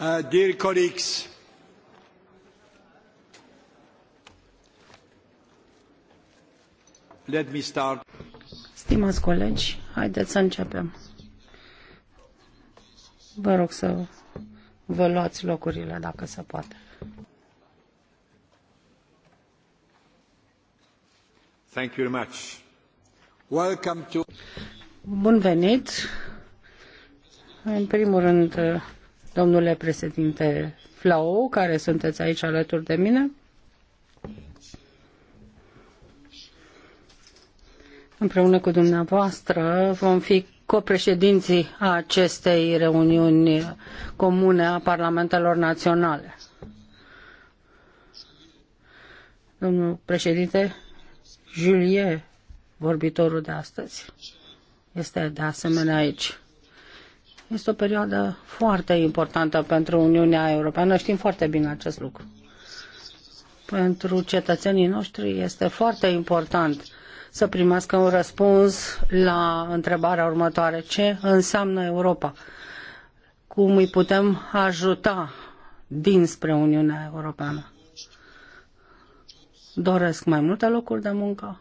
Uh, dear colleagues, let me start. Stimați colegi, haideți să începem. Vă rog să vă luați locurile dacă se poate. Thank you very much. Welcome to... Bun venit. În primul rând, domnule președinte Flau, care sunteți aici alături de mine. Împreună cu dumneavoastră vom fi copreședinții acestei reuniuni comune a parlamentelor naționale. Domnul președinte Julie, vorbitorul de astăzi, este de asemenea aici. Este o perioadă foarte importantă pentru Uniunea Europeană. Știm foarte bine acest lucru. Pentru cetățenii noștri este foarte important să primească un răspuns la întrebarea următoare. Ce înseamnă Europa? Cum îi putem ajuta dinspre Uniunea Europeană? Doresc mai multe locuri de muncă?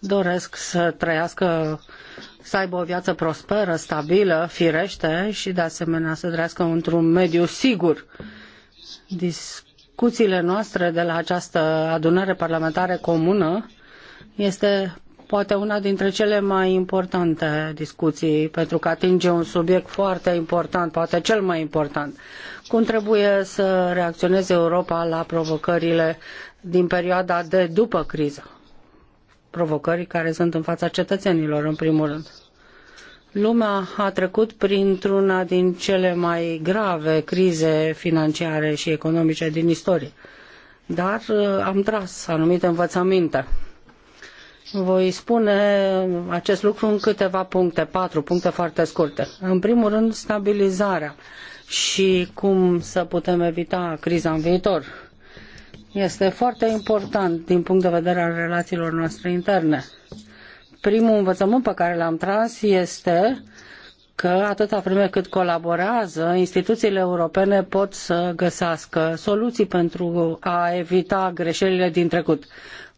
doresc să trăiască, să aibă o viață prosperă, stabilă, firește și de asemenea să trăiască într-un mediu sigur. Discuțiile noastre de la această adunare parlamentară comună este poate una dintre cele mai importante discuții, pentru că atinge un subiect foarte important, poate cel mai important. Cum trebuie să reacționeze Europa la provocările din perioada de după criză? provocări care sunt în fața cetățenilor, în primul rând. Lumea a trecut printr-una din cele mai grave crize financiare și economice din istorie, dar uh, am tras anumite învățăminte. Voi spune acest lucru în câteva puncte, patru puncte foarte scurte. În primul rând, stabilizarea și cum să putem evita criza în viitor este foarte important din punct de vedere al relațiilor noastre interne. Primul învățământ pe care l-am tras este că atâta vreme cât colaborează, instituțiile europene pot să găsească soluții pentru a evita greșelile din trecut.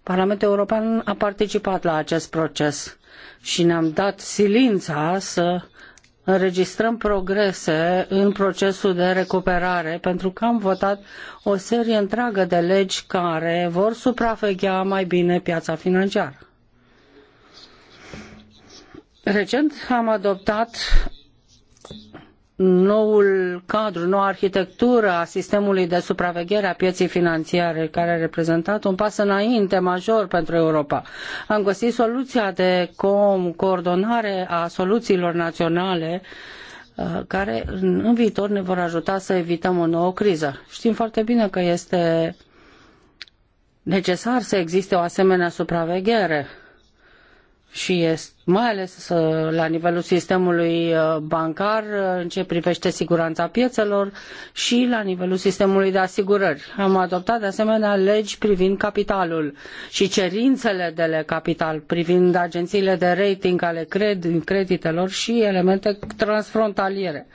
Parlamentul European a participat la acest proces și ne-am dat silința să înregistrăm progrese în procesul de recuperare, pentru că am votat o serie întreagă de legi care vor supraveghea mai bine piața financiară. Recent am adoptat noul cadru, noua arhitectură a sistemului de supraveghere a pieței financiare, care a reprezentat un pas înainte major pentru Europa. Am găsit soluția de coordonare a soluțiilor naționale uh, care în viitor ne vor ajuta să evităm o nouă criză. Știm foarte bine că este necesar să existe o asemenea supraveghere și este, mai ales uh, la nivelul sistemului uh, bancar uh, în ce privește siguranța piețelor și la nivelul sistemului de asigurări. Am adoptat de asemenea legi privind capitalul și cerințele de capital privind agențiile de rating ale cred, creditelor și elemente transfrontaliere.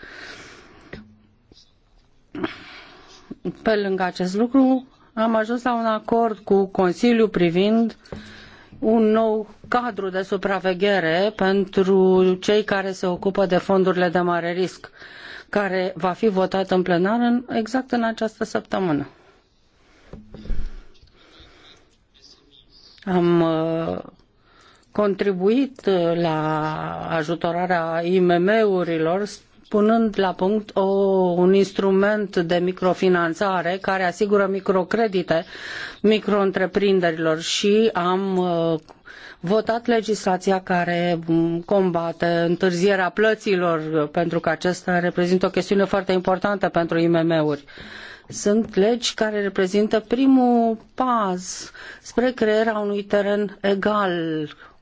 Pe lângă acest lucru, am ajuns la un acord cu Consiliul privind uh, un nou cadru de supraveghere pentru cei care se ocupă de fondurile de mare risc, care va fi votat în plenar în, exact în această săptămână. Am uh, contribuit uh, la ajutorarea IMM-urilor punând la punct o, un instrument de microfinanțare care asigură microcredite micro-întreprinderilor și am uh, votat legislația care um, combate întârzierea plăților, uh, pentru că acesta reprezintă o chestiune foarte importantă pentru IMM-uri. Sunt legi care reprezintă primul pas spre crearea unui teren egal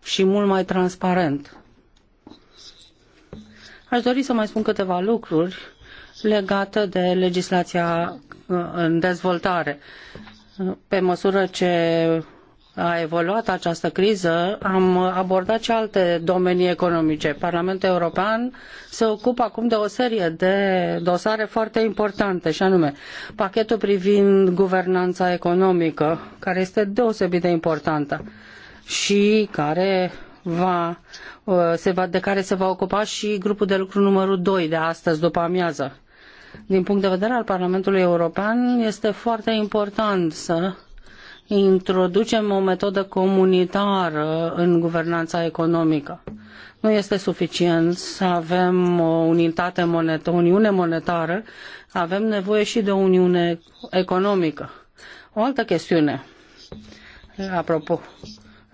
și mult mai transparent. Aș dori să mai spun câteva lucruri legate de legislația uh, în dezvoltare. Pe măsură ce a evoluat această criză, am abordat și alte domenii economice. Parlamentul European se ocupă acum de o serie de dosare foarte importante, și anume pachetul privind guvernanța economică, care este deosebit de importantă și care va, uh, se va, de care se va ocupa și grupul de lucru numărul 2 de astăzi după amiază. Din punct de vedere al Parlamentului European, este foarte important să introducem o metodă comunitară în guvernanța economică. Nu este suficient să avem o unitate monetă o uniune monetară, avem nevoie și de o uniune economică. O altă chestiune, apropo,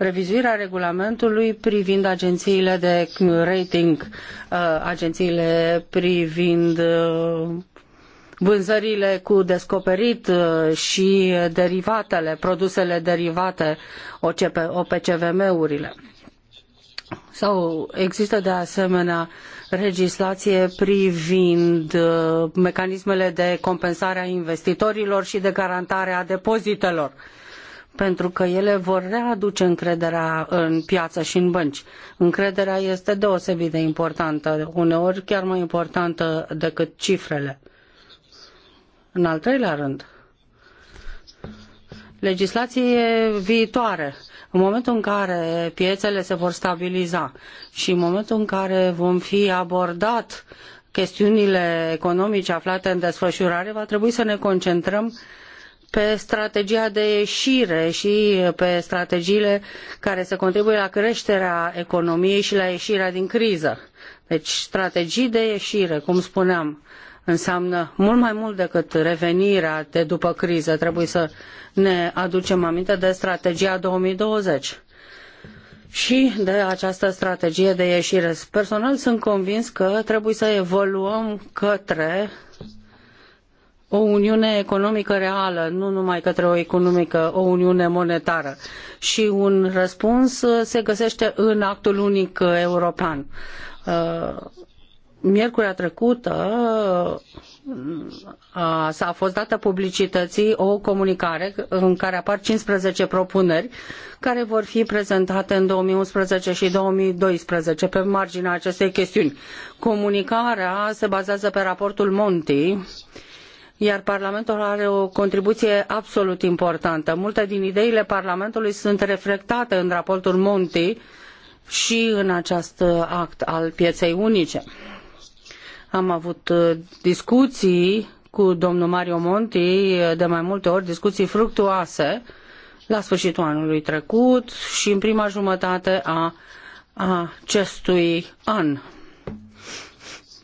revizuirea regulamentului privind agențiile de rating, uh, agențiile privind uh, vânzările cu descoperit uh, și derivatele, produsele derivate, OPCVM-urile. Sau există de asemenea legislație privind mecanismele de compensare a investitorilor și de garantare a depozitelor pentru că ele vor readuce încrederea în piață și în bănci. Încrederea este deosebit de importantă, uneori chiar mai importantă decât cifrele. În al treilea rând, legislație viitoare. În momentul în care piețele se vor stabiliza și în momentul în care vom fi abordat chestiunile economice aflate în desfășurare, va trebui să ne concentrăm uh, pe strategia de ieșire și pe strategiile care să contribuie la creșterea economiei și la ieșirea din criză. Deci strategii de ieșire, cum spuneam, înseamnă mult mai mult decât revenirea de după criză. Trebuie să ne aducem aminte de strategia 2020 și de această strategie de ieșire. Personal sunt convins că trebuie să evoluăm către o uniune economică reală, nu numai către o economică, o uniune monetară. Și un răspuns uh, se găsește în actul unic uh, european. Uh, miercurea trecută a, s-a fost dată publicității o comunicare în care apar 15 propuneri care vor fi prezentate în 2011 și 2012 pe marginea acestei chestiuni. Comunicarea se bazează pe raportul Monti uh, iar Parlamentul are o contribuție absolut importantă. Multe din ideile Parlamentului sunt reflectate în raportul Monti și în acest act al pieței unice. Am avut uh, discuții cu domnul Mario Monti uh, de mai multe ori, discuții fructuoase la sfârșitul anului trecut și în prima jumătate a acestui an.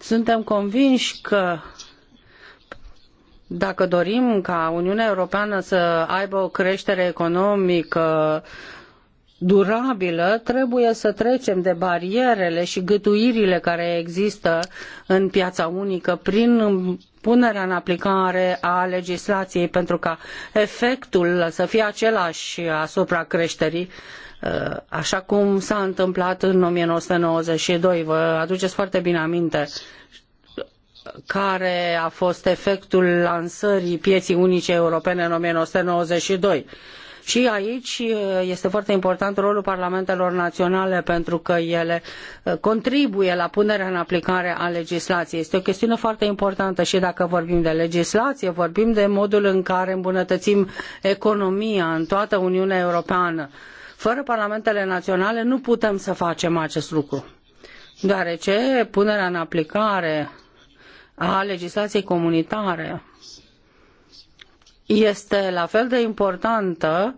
Suntem convinși că dacă dorim ca Uniunea Europeană să aibă o creștere economică durabilă, trebuie să trecem de barierele și gâtuirile care există în piața unică prin punerea în aplicare a legislației pentru ca efectul să fie același asupra creșterii ă, așa cum s-a întâmplat în 1992. Vă aduceți foarte bine aminte care a fost efectul lansării pieții unice europene în 1992. Și aici uh, este foarte important rolul parlamentelor naționale pentru că ele uh, contribuie la punerea în aplicare a legislației. Este o chestiune foarte importantă și dacă vorbim de legislație, vorbim de modul în care îmbunătățim economia în toată Uniunea Europeană. Fără parlamentele naționale nu putem să facem acest lucru, deoarece punerea în aplicare a legislației comunitare este la fel de importantă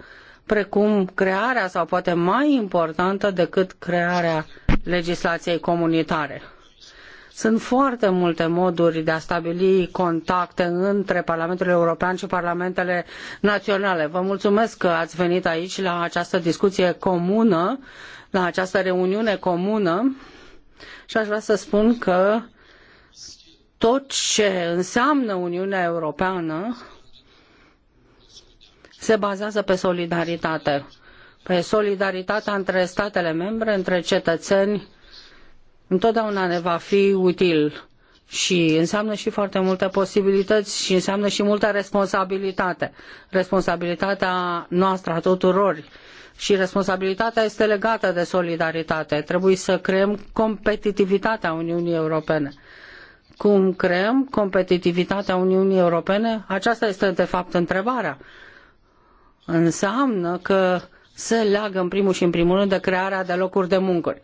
precum crearea sau poate mai importantă decât crearea legislației comunitare. Sunt foarte multe moduri de a stabili contacte între Parlamentul European și Parlamentele Naționale. Vă mulțumesc că ați venit aici la această discuție comună, la această reuniune comună și aș vrea să spun că tot ce înseamnă Uniunea Europeană se bazează pe solidaritate, pe solidaritatea între statele membre, între cetățeni, întotdeauna ne va fi util și înseamnă și foarte multe posibilități și înseamnă și multă responsabilitate. Responsabilitatea noastră a tuturor și responsabilitatea este legată de solidaritate. Trebuie să creăm competitivitatea Uniunii Europene cum creăm competitivitatea Uniunii Europene? Aceasta este de fapt întrebarea. Înseamnă că se leagă în primul și în primul rând de crearea de locuri de muncă.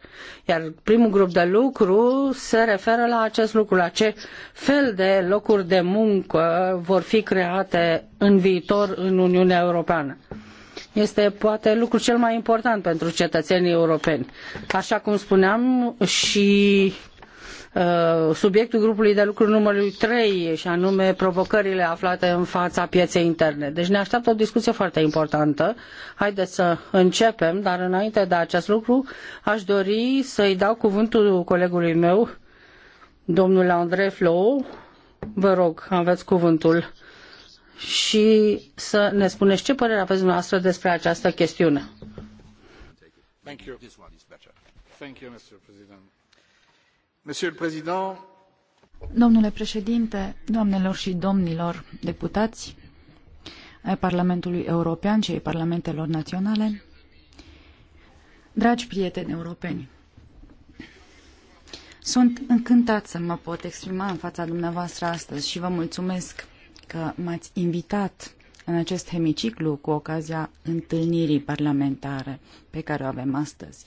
Iar primul grup de lucru se referă la acest lucru, la ce fel de locuri de muncă vor fi create în viitor în Uniunea Europeană. Este poate lucrul cel mai important pentru cetățenii europeni. Așa cum spuneam și Uh, subiectul grupului de lucru numărul trei și anume provocările aflate în fața pieței interne. Deci ne așteaptă o discuție foarte importantă. Haideți să începem, dar înainte de acest lucru aș dori să-i dau cuvântul colegului meu, domnul Andrei Flou. Vă rog, aveți cuvântul și să ne spuneți ce părere aveți dumneavoastră despre această chestiune. Thank you. This one is better. Thank you, Mr. President. Domnule președinte, doamnelor și domnilor deputați ai Parlamentului European și ai Parlamentelor Naționale, dragi prieteni europeni, sunt încântat să mă pot exprima în fața dumneavoastră astăzi și vă mulțumesc că m-ați invitat în acest hemiciclu cu ocazia întâlnirii parlamentare pe care o avem astăzi.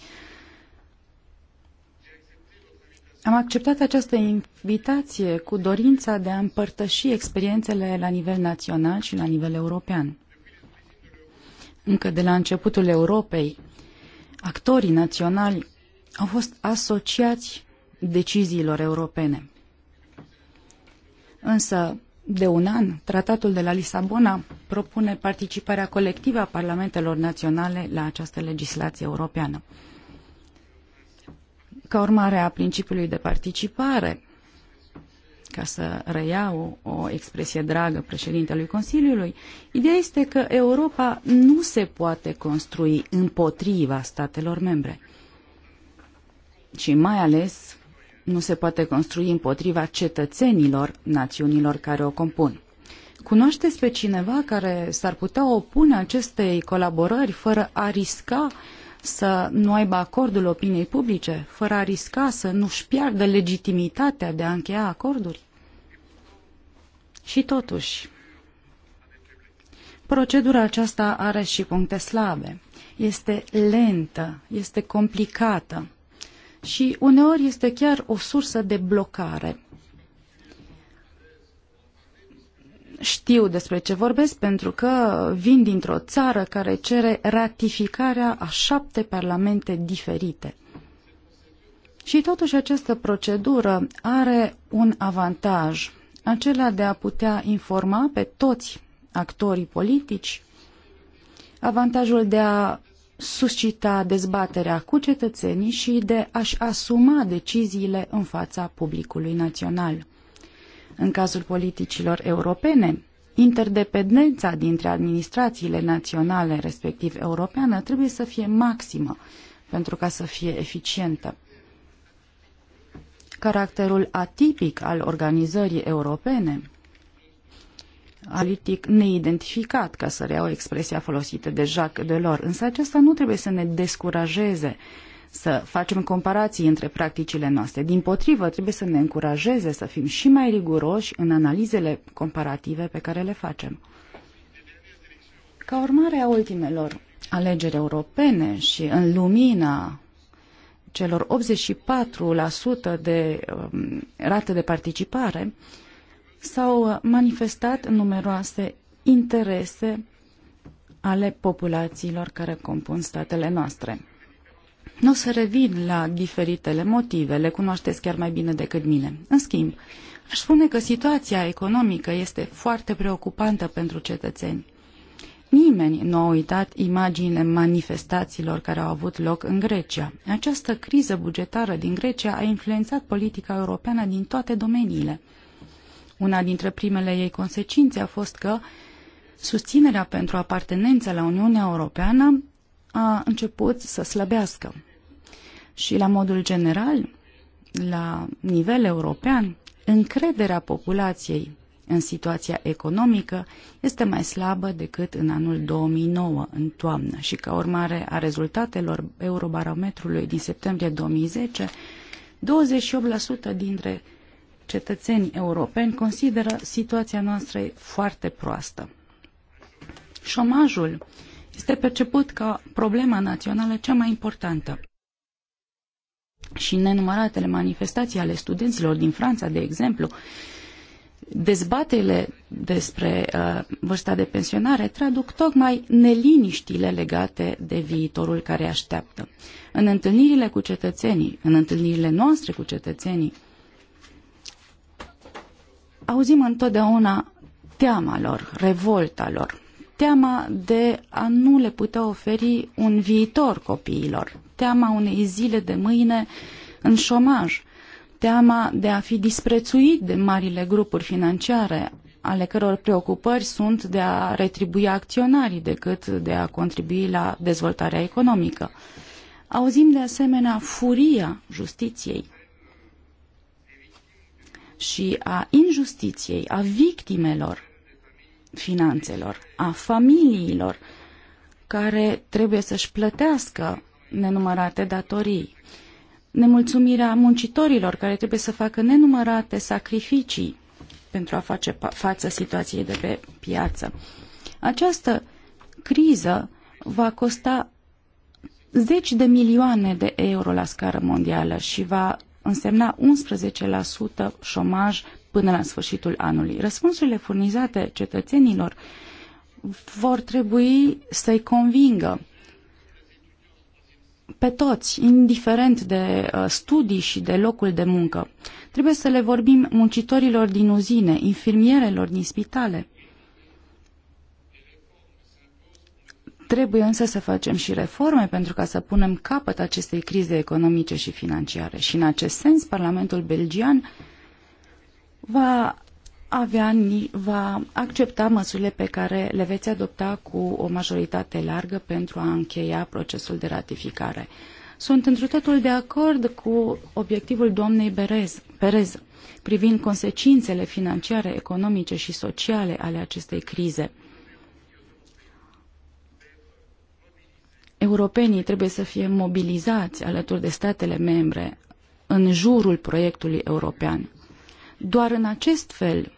Am acceptat această invitație cu dorința de a împărtăși experiențele la nivel național și la nivel european. Încă de la începutul Europei, actorii naționali au fost asociați deciziilor europene. Însă, de un an, tratatul de la Lisabona propune participarea colectivă a parlamentelor naționale la această legislație europeană ca urmare a principiului de participare, ca să reiau o expresie dragă președintelui Consiliului, ideea este că Europa nu se poate construi împotriva statelor membre. Și mai ales nu se poate construi împotriva cetățenilor națiunilor care o compun. Cunoașteți pe cineva care s-ar putea opune acestei colaborări fără a risca uh, să nu aibă acordul opiniei publice, fără a risca să nu-și piardă legitimitatea de a încheia acorduri? Și totuși, procedura aceasta are și puncte slabe. Este lentă, este complicată și uneori este chiar o sursă de blocare. știu despre ce vorbesc pentru că vin dintr-o țară care cere ratificarea a șapte parlamente diferite. Și totuși această procedură are un avantaj, acela de a putea informa pe toți actorii politici, avantajul de a suscita dezbaterea cu cetățenii și de a-și asuma deciziile în fața publicului național. În cazul politicilor europene, interdependența dintre administrațiile naționale, respectiv europeană, trebuie să fie maximă pentru ca să fie eficientă. Caracterul atipic al organizării europene, politic neidentificat, ca să reiau expresia folosită de Jacques Delors, însă acesta nu trebuie să ne descurajeze să facem comparații între practicile noastre. Din potrivă, trebuie să ne încurajeze să fim și mai riguroși în analizele comparative pe care le facem. Ca urmare a ultimelor alegeri europene și în lumina celor 84% de um, rate de participare, s-au manifestat numeroase interese ale populațiilor care compun statele noastre. Nu o să revin la diferitele motive, le cunoașteți chiar mai bine decât mine. În schimb, aș spune că situația economică este foarte preocupantă pentru cetățeni. Nimeni nu a uitat imaginile manifestațiilor care au avut loc în Grecia. Această criză bugetară din Grecia a influențat politica europeană din toate domeniile. Una dintre primele ei consecințe a fost că susținerea pentru apartenența la Uniunea Europeană a început să slăbească și la modul general, la nivel european, încrederea populației în situația economică este mai slabă decât în anul 2009, în toamnă, și ca urmare a rezultatelor Eurobarometrului din septembrie 2010, 28% dintre cetățenii europeni consideră situația noastră foarte proastă. Șomajul este perceput ca problema națională cea mai importantă și nenumăratele manifestații ale studenților din Franța, de exemplu, dezbatele despre uh, vârsta de pensionare traduc tocmai neliniștile legate de viitorul care așteaptă. În întâlnirile cu cetățenii, în întâlnirile noastre cu cetățenii, auzim întotdeauna teama lor, revolta lor, teama de a nu le putea oferi un viitor copiilor teama unei zile de mâine în șomaj, teama de a fi disprețuit de marile grupuri financiare, ale căror preocupări sunt de a retribui acționarii decât de a contribui la dezvoltarea economică. Auzim de asemenea furia justiției și a injustiției, a victimelor finanțelor, a familiilor care trebuie să-și plătească nenumărate datorii, nemulțumirea muncitorilor care trebuie să facă nenumărate sacrificii pentru a face față situației de pe piață. Această criză va costa zeci de milioane de euro la scară mondială și va însemna 11% șomaj până la sfârșitul anului. Răspunsurile furnizate cetățenilor vor trebui să-i convingă pe toți, indiferent de uh, studii și de locul de muncă. Trebuie să le vorbim muncitorilor din uzine, infirmierelor din spitale. Trebuie însă să facem și reforme pentru ca să punem capăt acestei crize economice și financiare. Și în acest sens, Parlamentul belgian va avea, va accepta măsurile pe care le veți adopta cu o majoritate largă pentru a încheia procesul de ratificare. Sunt într totul de acord cu obiectivul doamnei Berez, Perez privind consecințele financiare, economice și sociale ale acestei crize. Europenii trebuie să fie mobilizați alături de statele membre în jurul proiectului european. Doar în acest fel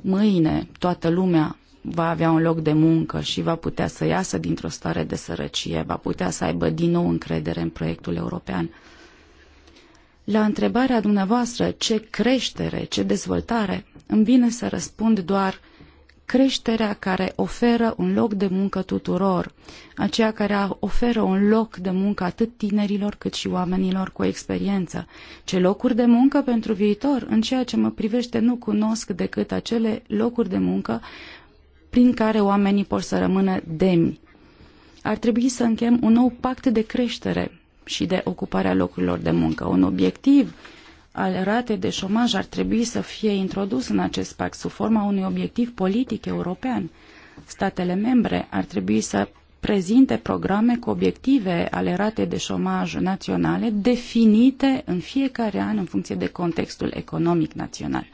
mâine toată lumea va avea un loc de muncă și va putea să iasă dintr-o stare de sărăcie, va putea să aibă din nou încredere în proiectul european. La întrebarea dumneavoastră ce creștere, ce dezvoltare, îmi vine să răspund doar creșterea care oferă un loc de muncă tuturor, aceea care oferă un loc de muncă atât tinerilor cât și oamenilor cu experiență. Ce locuri de muncă pentru viitor? În ceea ce mă privește nu cunosc decât acele locuri de muncă prin care oamenii pot să rămână demni. Ar trebui să închem un nou pact de creștere și de ocuparea locurilor de muncă, un obiectiv al ratei de șomaj ar trebui să fie introdus în acest pact sub forma unui obiectiv politic european. Statele membre ar trebui să prezinte programe cu obiective ale ratei de șomaj naționale definite în fiecare an în funcție de contextul economic național.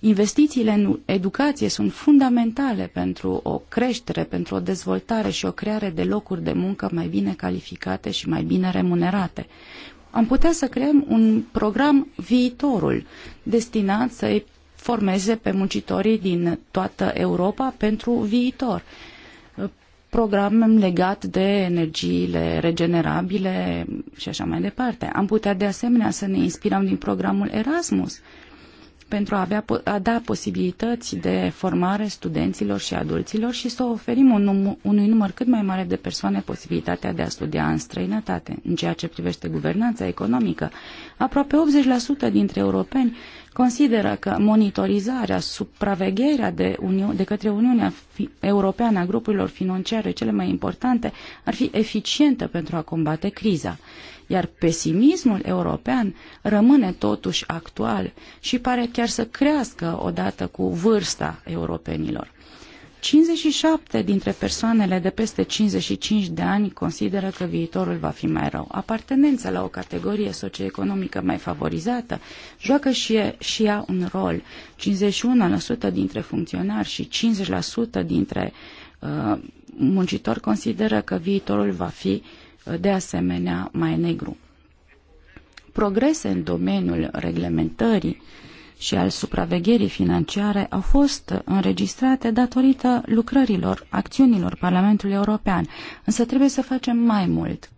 Investițiile în educație sunt fundamentale pentru o creștere, pentru o dezvoltare și o creare de locuri de muncă mai bine calificate și mai bine remunerate am putea să creăm un program viitorul destinat să-i formeze pe muncitorii din toată Europa pentru viitor. Program legat de energiile regenerabile și așa mai departe. Am putea de asemenea să ne inspirăm din programul Erasmus pentru a, avea, a da posibilități de formare studenților și adulților și să oferim un num, unui număr cât mai mare de persoane posibilitatea de a studia în străinătate. În ceea ce privește guvernanța economică, aproape 80% dintre europeni consideră că monitorizarea, supravegherea de, Uniu- de către Uniunea Europeană a grupurilor financiare cele mai importante ar fi eficientă pentru a combate criza iar pesimismul european rămâne totuși actual și pare chiar să crească odată cu vârsta europenilor. 57 dintre persoanele de peste 55 de ani consideră că viitorul va fi mai rău. Apartenența la o categorie socioeconomică mai favorizată joacă și, e, și ea un rol. 51% dintre funcționari și 50% dintre uh, muncitori consideră că viitorul va fi uh, de asemenea mai negru. Progrese în domeniul reglementării și al supravegherii financiare au fost înregistrate datorită lucrărilor, acțiunilor Parlamentului European, însă trebuie să facem mai mult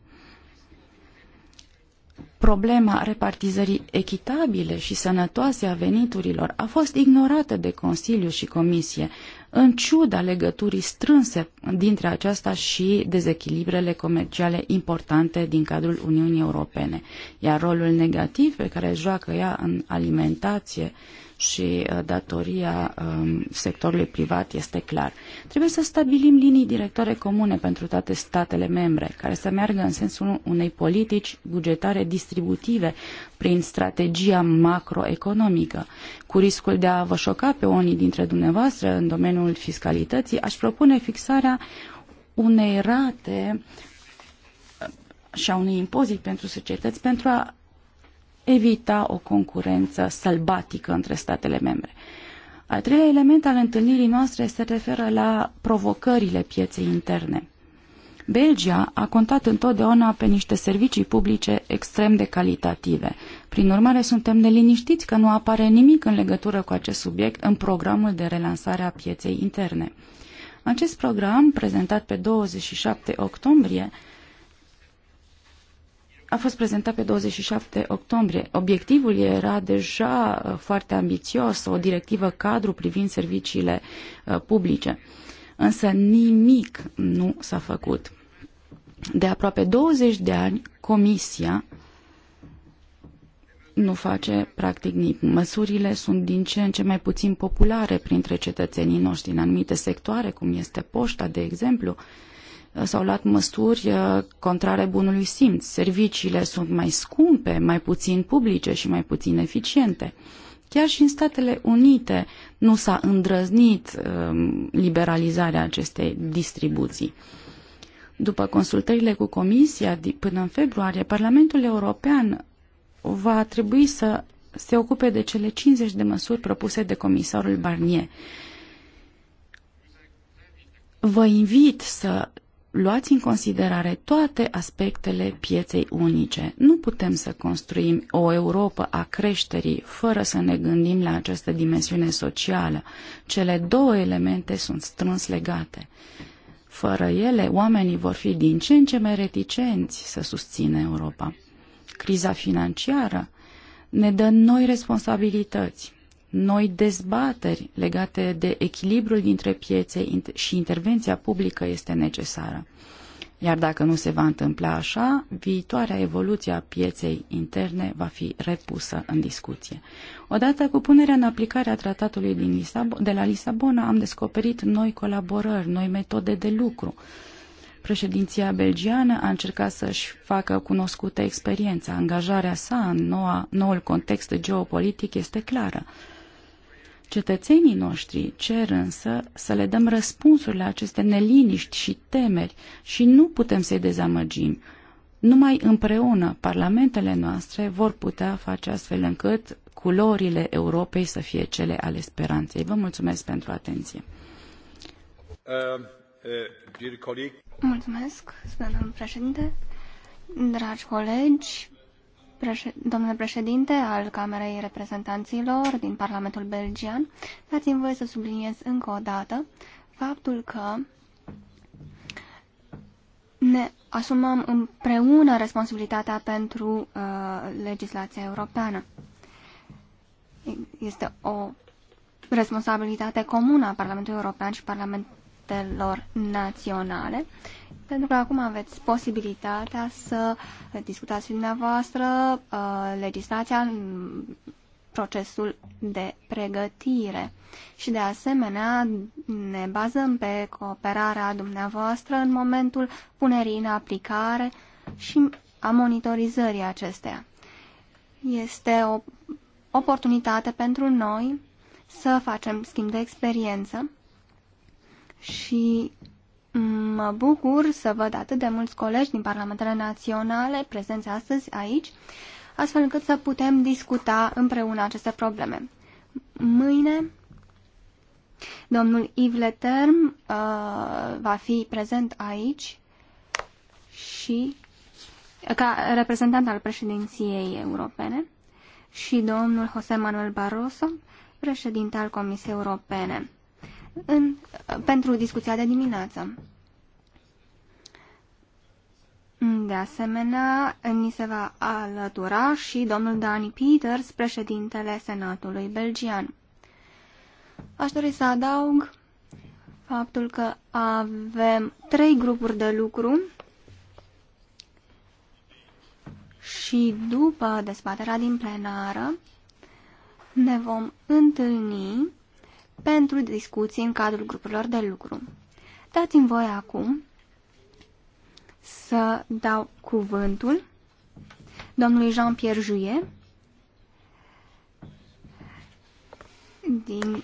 problema repartizării echitabile și sănătoase a veniturilor a fost ignorată de Consiliu și Comisie, în ciuda legăturii strânse dintre aceasta și dezechilibrele comerciale importante din cadrul Uniunii Europene, iar rolul negativ pe care îl joacă ea în alimentație, uh, și uh, datoria um, sectorului privat este clar. Trebuie să stabilim linii directoare comune pentru toate statele membre, care să meargă în sensul unei politici bugetare distributive prin strategia macroeconomică. Cu riscul de a vă șoca pe unii dintre dumneavoastră în domeniul fiscalității, aș propune fixarea unei rate uh, și a unui impozit pentru societăți pentru a evita o concurență sălbatică între statele membre. Al treilea element al întâlnirii noastre se referă la provocările pieței interne. Belgia a contat întotdeauna pe niște servicii publice extrem de calitative. Prin urmare, suntem neliniștiți că nu apare nimic în legătură cu acest subiect în programul de relansare a pieței interne. Acest program, prezentat pe 27 octombrie, a fost prezentat pe 27 octombrie. Obiectivul era deja uh, foarte ambițios, o directivă cadru privind serviciile uh, publice, însă nimic nu s-a făcut. De aproape 20 de ani, Comisia nu face practic nimic. Măsurile sunt din ce în ce mai puțin populare printre cetățenii noștri în anumite sectoare, cum este poșta, de exemplu, uh, s-au luat măsuri uh, contrare bunului simț. Serviciile sunt mai scumpe, mai puțin publice și mai puțin eficiente. Chiar și în Statele Unite nu s-a îndrăznit um, liberalizarea acestei distribuții. După consultările cu Comisia până în februarie, Parlamentul European va trebui să se ocupe de cele 50 de măsuri propuse de comisarul Barnier. Vă invit să luați în considerare toate aspectele pieței unice. Nu putem să construim o Europa a creșterii fără să ne gândim la această dimensiune socială. Cele două elemente sunt strâns legate. Fără ele, oamenii vor fi din ce în ce mai reticenți să susțină Europa. Criza financiară ne dă noi responsabilități noi dezbateri legate de echilibrul dintre piețe și intervenția publică este necesară. Iar dacă nu se va întâmpla așa, viitoarea evoluție a pieței interne va fi repusă în discuție. Odată cu punerea în aplicare a tratatului din Lisab- de la Lisabona, am descoperit noi colaborări, noi metode de lucru. Președinția belgiană a încercat să-și facă cunoscută experiența. Angajarea sa în noua, noul context geopolitic este clară. Cetățenii noștri cer însă să le dăm răspunsuri la aceste neliniști și temeri și nu putem să-i dezamăgim. Numai împreună parlamentele noastre vor putea face astfel încât culorile Europei să fie cele ale speranței. Vă mulțumesc pentru atenție. Uh, uh, mulțumesc, domnule președinte. Dragi colegi, domnule președinte al Camerei Reprezentanților din Parlamentul Belgian, dați-mi voie să subliniez încă o dată faptul că ne asumăm împreună responsabilitatea pentru uh, legislația europeană. Este o responsabilitate comună a Parlamentului European și Parlamentului parlamentelor naționale, pentru că acum aveți posibilitatea să discutați și dumneavoastră uh, legislația în procesul de pregătire. Și de asemenea ne bazăm pe cooperarea dumneavoastră în momentul punerii în aplicare și a monitorizării acesteia. Este o oportunitate pentru noi să facem schimb de experiență și mm, mă bucur să văd atât de mulți colegi din Parlamentele Naționale prezenți astăzi aici, astfel încât să putem discuta împreună aceste probleme. Mâine, domnul Yves Leterm uh, va fi prezent aici și ca reprezentant al președinției europene și domnul José Manuel Barroso, președinte al Comisiei Europene în, pentru discuția de dimineață. De asemenea, ni se va alătura și domnul Dani Peters, președintele Senatului belgian. Aș dori să adaug faptul că avem trei grupuri de lucru și după dezbaterea din plenară ne vom întâlni pentru discuții în cadrul grupurilor de lucru. Dați-mi voie acum să dau cuvântul domnului Jean-Pierre Juie, din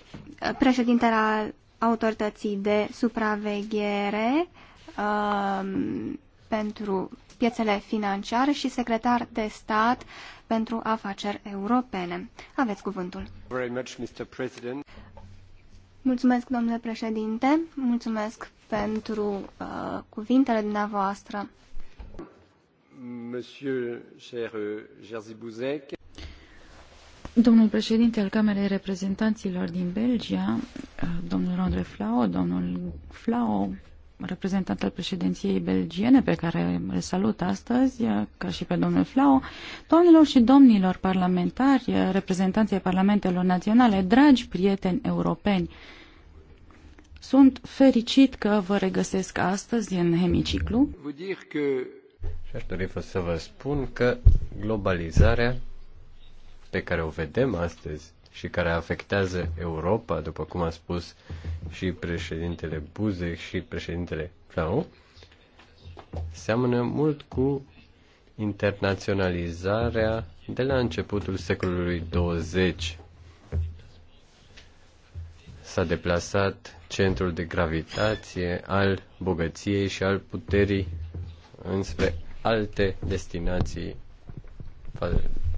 președintele autorității de supraveghere uh, pentru piețele financiare și secretar de stat pentru afaceri europene. Aveți cuvântul. Mulțumesc, domnule președinte, mulțumesc pentru uh, cuvintele dumneavoastră. Monsieur, cher uh, Jerzy Buzek. Domnul președinte al Camerei Reprezentanților din Belgia, uh, domnul André Flau, domnul Flau reprezentant al președinției belgiene pe care îl salut astăzi, ca și pe domnul Flau, domnilor și domnilor parlamentari, reprezentanții parlamentelor naționale, dragi prieteni europeni, sunt fericit că vă regăsesc astăzi în hemiciclu. Și aș dori să vă spun că globalizarea pe care o vedem astăzi și care afectează Europa, după cum a spus și președintele Buzek și președintele Flau, seamănă mult cu internaționalizarea de la începutul secolului 20. S-a deplasat centrul de gravitație al bogăției și al puterii înspre alte destinații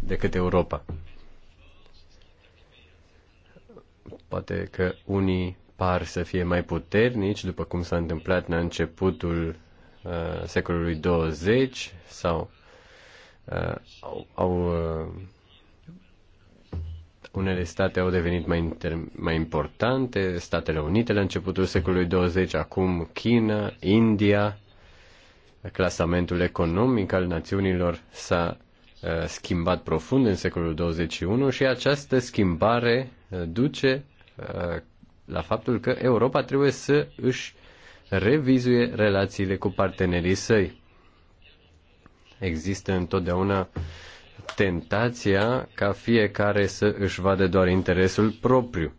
decât Europa. Poate că unii par să fie mai puternici, după cum s-a întâmplat în începutul uh, secolului 20 sau uh, au, au uh, unele state au devenit mai, inter- mai importante, Statele Unite la începutul secolului 20, acum China, India, clasamentul economic al națiunilor s-a uh, schimbat profund în secolul 21 și această schimbare uh, duce Uh, la faptul că Europa trebuie să își revizuie relațiile cu partenerii săi. Există întotdeauna tentația ca fiecare să își vadă doar interesul propriu.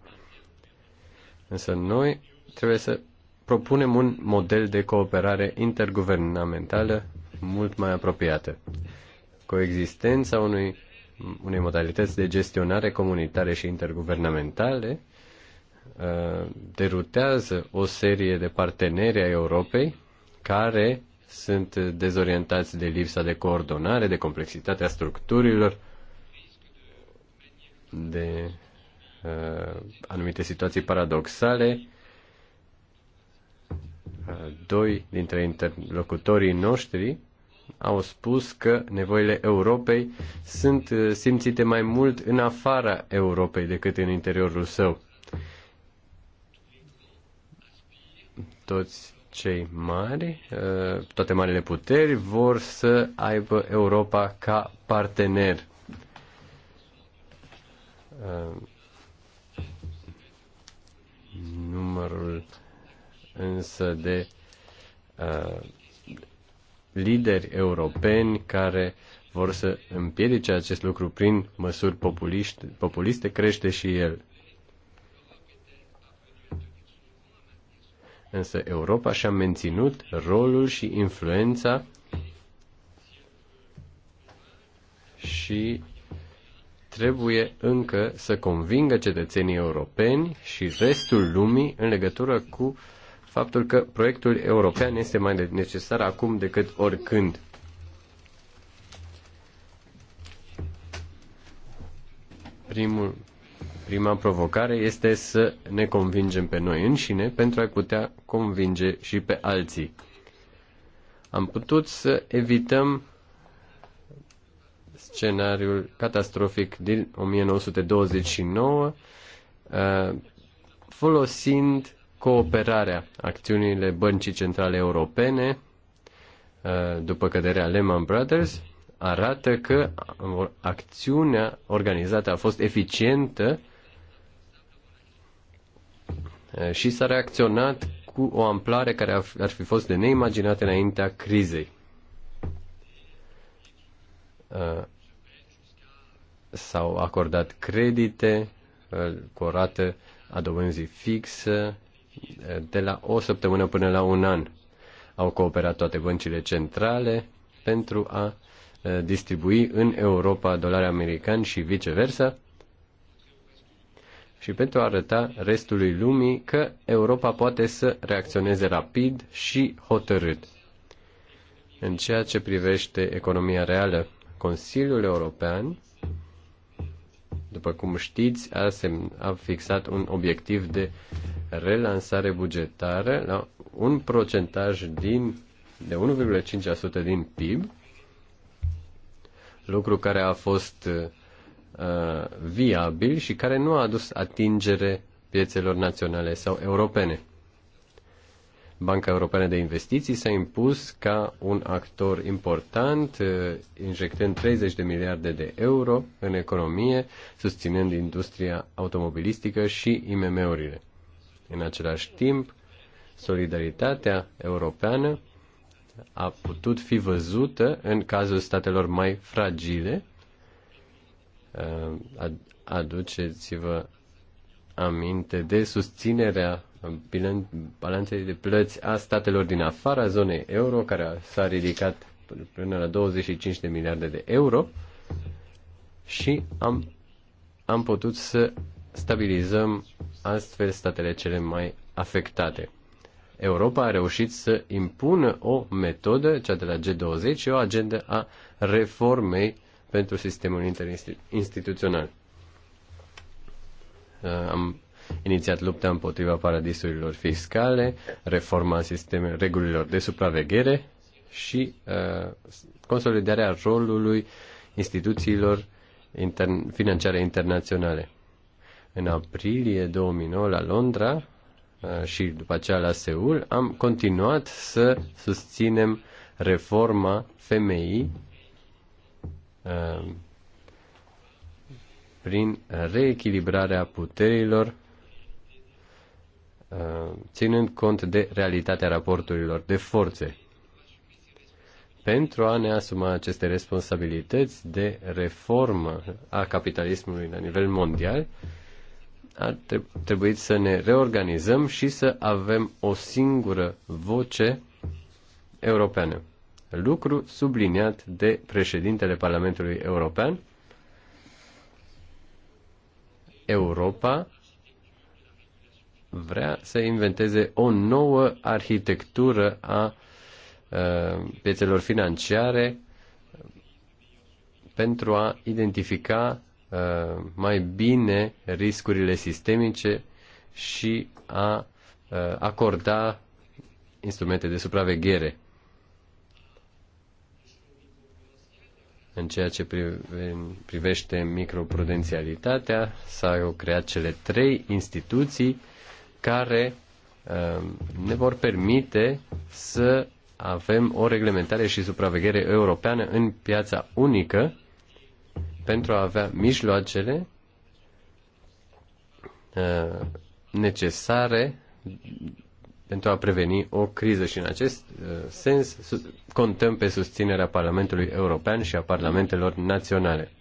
Însă noi trebuie să propunem un model de cooperare interguvernamentală mult mai apropiată. Coexistența unui, unei modalități de gestionare comunitare și interguvernamentale derutează o serie de parteneri ai Europei care sunt dezorientați de lipsa de coordonare, de complexitatea structurilor, de uh, anumite situații paradoxale. Uh, doi dintre interlocutorii noștri au spus că nevoile Europei sunt uh, simțite mai mult în afara Europei decât în interiorul său. toți cei mari, eh, toate marile puteri vor să aibă Europa ca partener. Eh, numărul însă de eh, lideri europeni care vor să împiedice acest lucru prin măsuri populiste, populiste crește și el. Însă Europa și-a menținut rolul și influența și trebuie încă să convingă cetățenii europeni și restul lumii în legătură cu faptul că proiectul european este mai necesar acum decât oricând. Primul Prima provocare este să ne convingem pe noi înșine pentru a putea convinge și pe alții. Am putut să evităm scenariul catastrofic din 1929 uh, folosind cooperarea acțiunile Băncii Centrale Europene uh, după căderea Lehman Brothers arată că acțiunea organizată a fost eficientă Eh, și s-a reacționat cu o amplare care ar fi fost de neimaginat înaintea crizei. Eh, s-au acordat credite eh, cu o rată a dobânzii fixă de la o săptămână până la un an. Au cooperat toate băncile centrale pentru a distribui în Europa dolari americani și viceversa și pentru a arăta restului lumii că Europa poate să reacționeze rapid și hotărât. În ceea ce privește economia reală, Consiliul European, după cum știți, a, semn, a fixat un obiectiv de relansare bugetară la un procentaj din, de 1,5% din PIB, lucru care a fost Uh, viabil și care nu a adus atingere piețelor naționale sau europene. Banca Europeană de Investiții s-a impus ca un actor important, uh, injectând 30 de miliarde de euro în economie, susținând industria automobilistică și IMM-urile. În același timp, solidaritatea europeană a putut fi văzută în cazul statelor mai fragile, Uh, aduceți-vă aminte de susținerea balanței de plăți a statelor din afara zonei euro, care s-a ridicat până la 25 de miliarde de euro și am, am putut să stabilizăm astfel statele cele mai afectate. Europa a reușit să impună o metodă, cea de la G20, o agendă a reformei pentru sistemul interinstituțional. Uh, am inițiat lupta împotriva paradisurilor fiscale, reforma sistemelor regulilor de supraveghere și uh, consolidarea rolului instituțiilor intern, financiare internaționale. În aprilie 2009 la Londra uh, și după aceea la Seul am continuat să susținem reforma femeii Uh, prin reechilibrarea puterilor, uh, ținând cont de realitatea raporturilor de forțe pentru a ne asuma aceste responsabilități de reformă a capitalismului la nivel mondial, ar trebui să ne reorganizăm și să avem o singură voce europeană lucru subliniat de președintele Parlamentului European. Europa vrea să inventeze o nouă arhitectură a piețelor financiare pentru a identifica mai bine riscurile sistemice și a acorda instrumente de supraveghere În ceea ce privește microprudențialitatea, s-au creat cele trei instituții care um, ne vor permite să avem o reglementare și supraveghere europeană în piața unică pentru a avea mijloacele uh, necesare pentru a preveni o criză și în acest uh, sens contăm pe susținerea Parlamentului European și a Parlamentelor Naționale.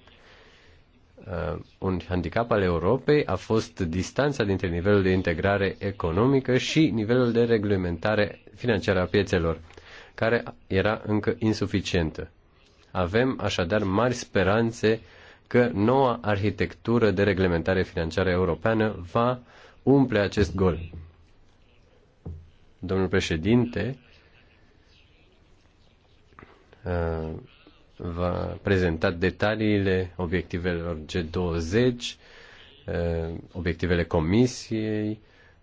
Uh, un handicap al Europei a fost distanța dintre nivelul de integrare economică și nivelul de reglementare financiară a piețelor, care era încă insuficientă. Avem așadar mari speranțe că noua arhitectură de reglementare financiară europeană va umple acest gol Domnul președinte uh, va prezenta detaliile obiectivelor G20, uh, obiectivele comisiei,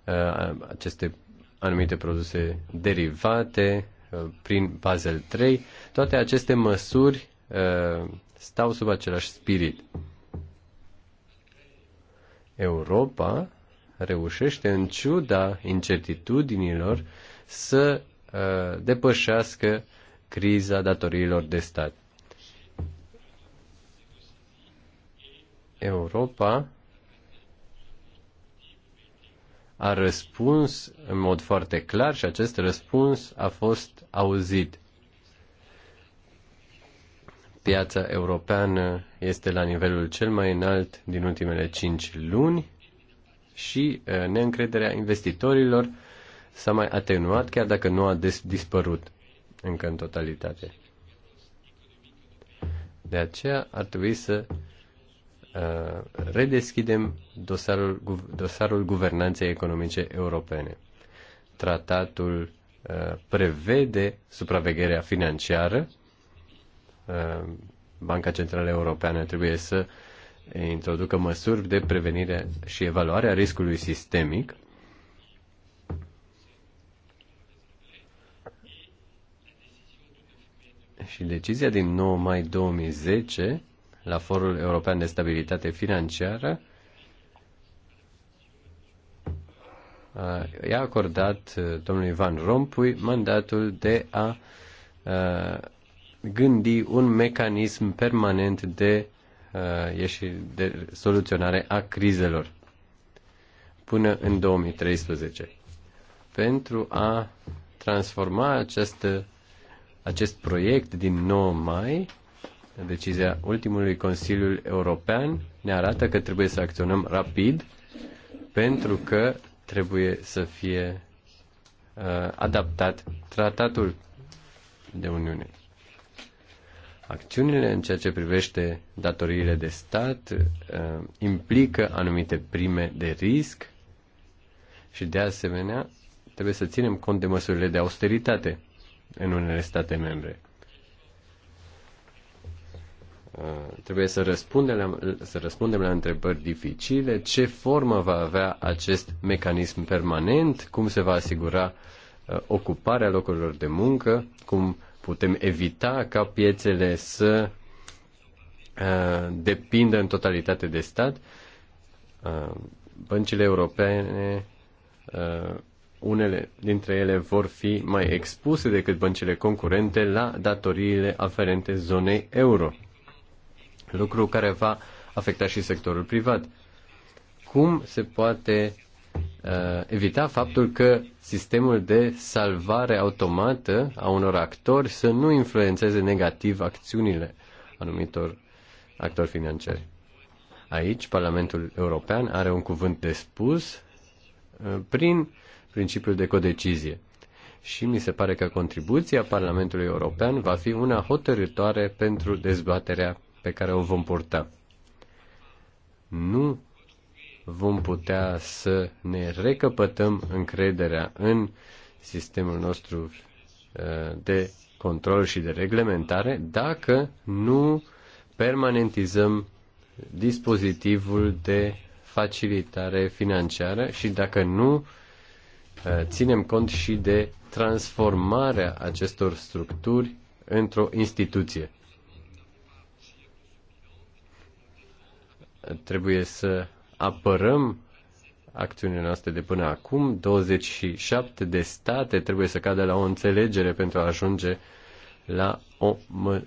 uh, aceste anumite produse derivate prin Basel 3. Toate aceste măsuri stau sub același spirit. Europa reușește, în ciuda incertitudinilor, să uh, depășească criza datoriilor de stat. Europa a răspuns în mod foarte clar și acest răspuns a fost auzit. Piața europeană este la nivelul cel mai înalt din ultimele 5 luni și uh, neîncrederea investitorilor s-a mai atenuat, chiar dacă nu a dispărut încă în totalitate. De aceea ar trebui să uh, redeschidem dosarul, dosarul guvernanței economice europene. Tratatul uh, prevede supravegherea financiară. Banca Centrală Europeană trebuie să uh, introducă măsuri de prevenire și evaluare a riscului sistemic. Și decizia din 9 mai 2010 la Forul European de Stabilitate Financiară i-a acordat domnului Van Rompuy mandatul de a gândi un mecanism permanent de Uh, e și de soluționare a crizelor până în 2013. Pentru a transforma această, acest proiect din 9 mai, decizia ultimului Consiliu European ne arată că trebuie să acționăm rapid pentru că trebuie să fie uh, adaptat tratatul de Uniune. Acțiunile în ceea ce privește datoriile de stat uh, implică anumite prime de risc și de asemenea trebuie să ținem cont de măsurile de austeritate în unele state membre. Uh, trebuie să răspundem, la, să răspundem la întrebări dificile, ce formă va avea acest mecanism permanent, cum se va asigura uh, ocuparea locurilor de muncă, cum putem evita ca piețele să uh, depindă în totalitate de stat. Uh, băncile europene, uh, unele dintre ele vor fi mai expuse decât băncile concurente la datoriile aferente zonei euro, lucru care va afecta și sectorul privat. Cum se poate Uh, evita faptul că sistemul de salvare automată a unor actori să nu influențeze negativ acțiunile anumitor actori financiari. Aici, Parlamentul European are un cuvânt de spus uh, prin principiul de codecizie. Și mi se pare că contribuția Parlamentului European va fi una hotărâtoare pentru dezbaterea pe care o vom purta. Nu vom putea să ne recăpătăm încrederea în sistemul nostru uh, de control și de reglementare dacă nu permanentizăm dispozitivul de facilitare financiară și dacă nu uh, ținem cont și de transformarea acestor structuri într-o instituție. Trebuie să apărăm acțiunile noastre de până acum. 27 de state trebuie să cadă la o înțelegere pentru a ajunge la, o,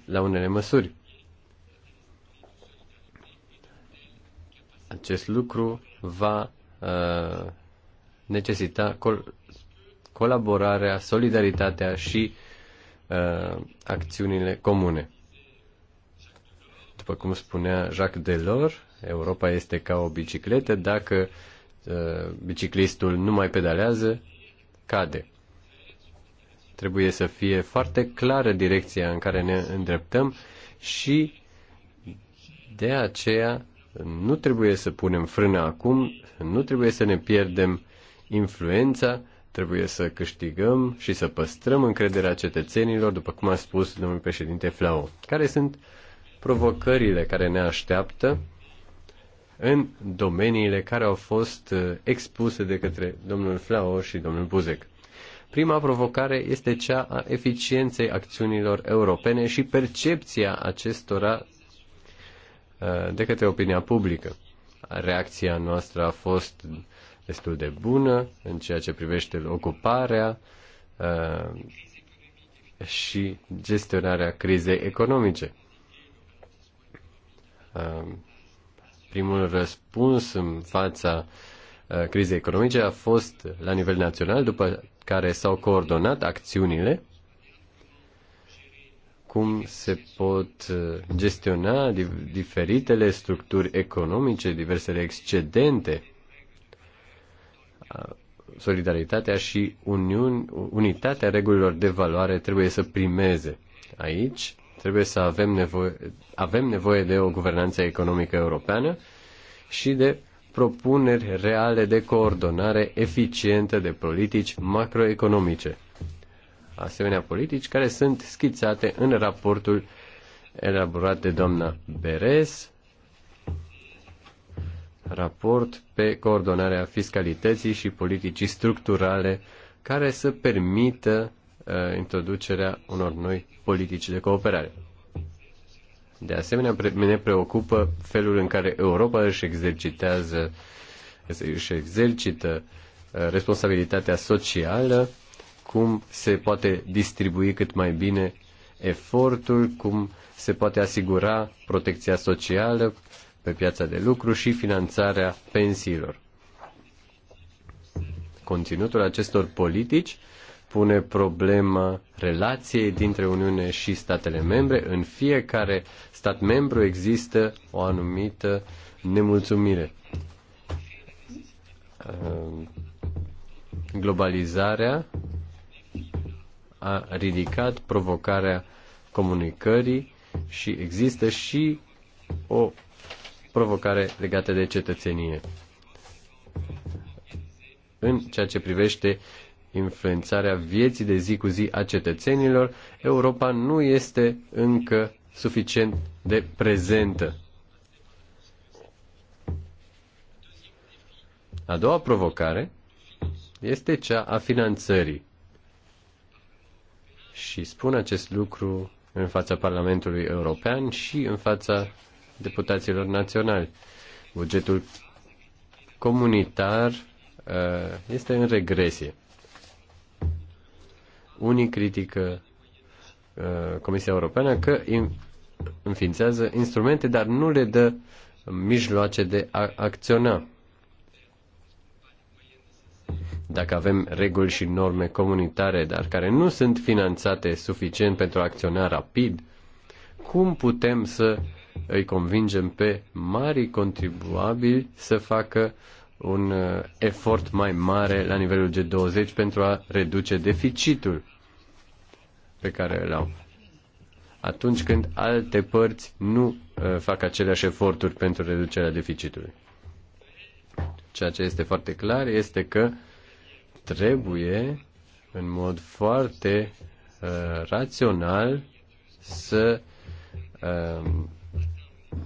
la unele măsuri. Acest lucru va uh, necesita col- colaborarea, solidaritatea și uh, acțiunile comune. După cum spunea Jacques Delors, Europa este ca o bicicletă, dacă uh, biciclistul nu mai pedalează, cade. Trebuie să fie foarte clară direcția în care ne îndreptăm și de aceea nu trebuie să punem frână acum, nu trebuie să ne pierdem influența, trebuie să câștigăm și să păstrăm încrederea cetățenilor, după cum a spus domnul președinte Flau. Care sunt provocările care ne așteaptă în domeniile care au fost uh, expuse de către domnul Flau și domnul Buzek. Prima provocare este cea a eficienței acțiunilor europene și percepția acestora uh, de către opinia publică. Reacția noastră a fost destul de bună în ceea ce privește ocuparea uh, și gestionarea crizei economice primul răspuns în fața uh, crizei economice a fost la nivel național, după care s-au coordonat acțiunile cum se pot uh, gestiona diferitele structuri economice, diversele excedente, uh, solidaritatea și uniun, unitatea regulilor de valoare trebuie să primeze. Aici Trebuie să avem nevoie, avem nevoie de o guvernanță economică europeană și de propuneri reale de coordonare eficientă de politici macroeconomice. Asemenea politici care sunt schițate în raportul elaborat de doamna Beres, raport pe coordonarea fiscalității și politicii structurale care să permită Uh, introducerea unor noi politici de cooperare. De asemenea, ne preocupă felul în care Europa își exercitează, își exercită uh, responsabilitatea socială, cum se poate distribui cât mai bine efortul, cum se poate asigura protecția socială pe piața de lucru și finanțarea pensiilor. Conținutul acestor politici pune problema relației dintre Uniune și statele membre. În fiecare stat membru există o anumită nemulțumire. Uh, globalizarea a ridicat provocarea comunicării și există și o provocare legată de cetățenie. În ceea ce privește influențarea vieții de zi cu zi a cetățenilor, Europa nu este încă suficient de prezentă. A doua provocare este cea a finanțării. Și spun acest lucru în fața Parlamentului European și în fața deputaților naționali. Bugetul comunitar uh, este în regresie. Unii critică uh, Comisia Europeană că înființează instrumente, dar nu le dă mijloace de a acționa. Dacă avem reguli și norme comunitare, dar care nu sunt finanțate suficient pentru a acționa rapid, cum putem să îi convingem pe mari contribuabili să facă uh, un uh, efort mai mare la nivelul G20 pentru a reduce deficitul pe care îl au. Atunci când alte părți nu uh, fac aceleași eforturi pentru reducerea deficitului. Ceea ce este foarte clar este că trebuie în mod foarte uh, rațional să uh,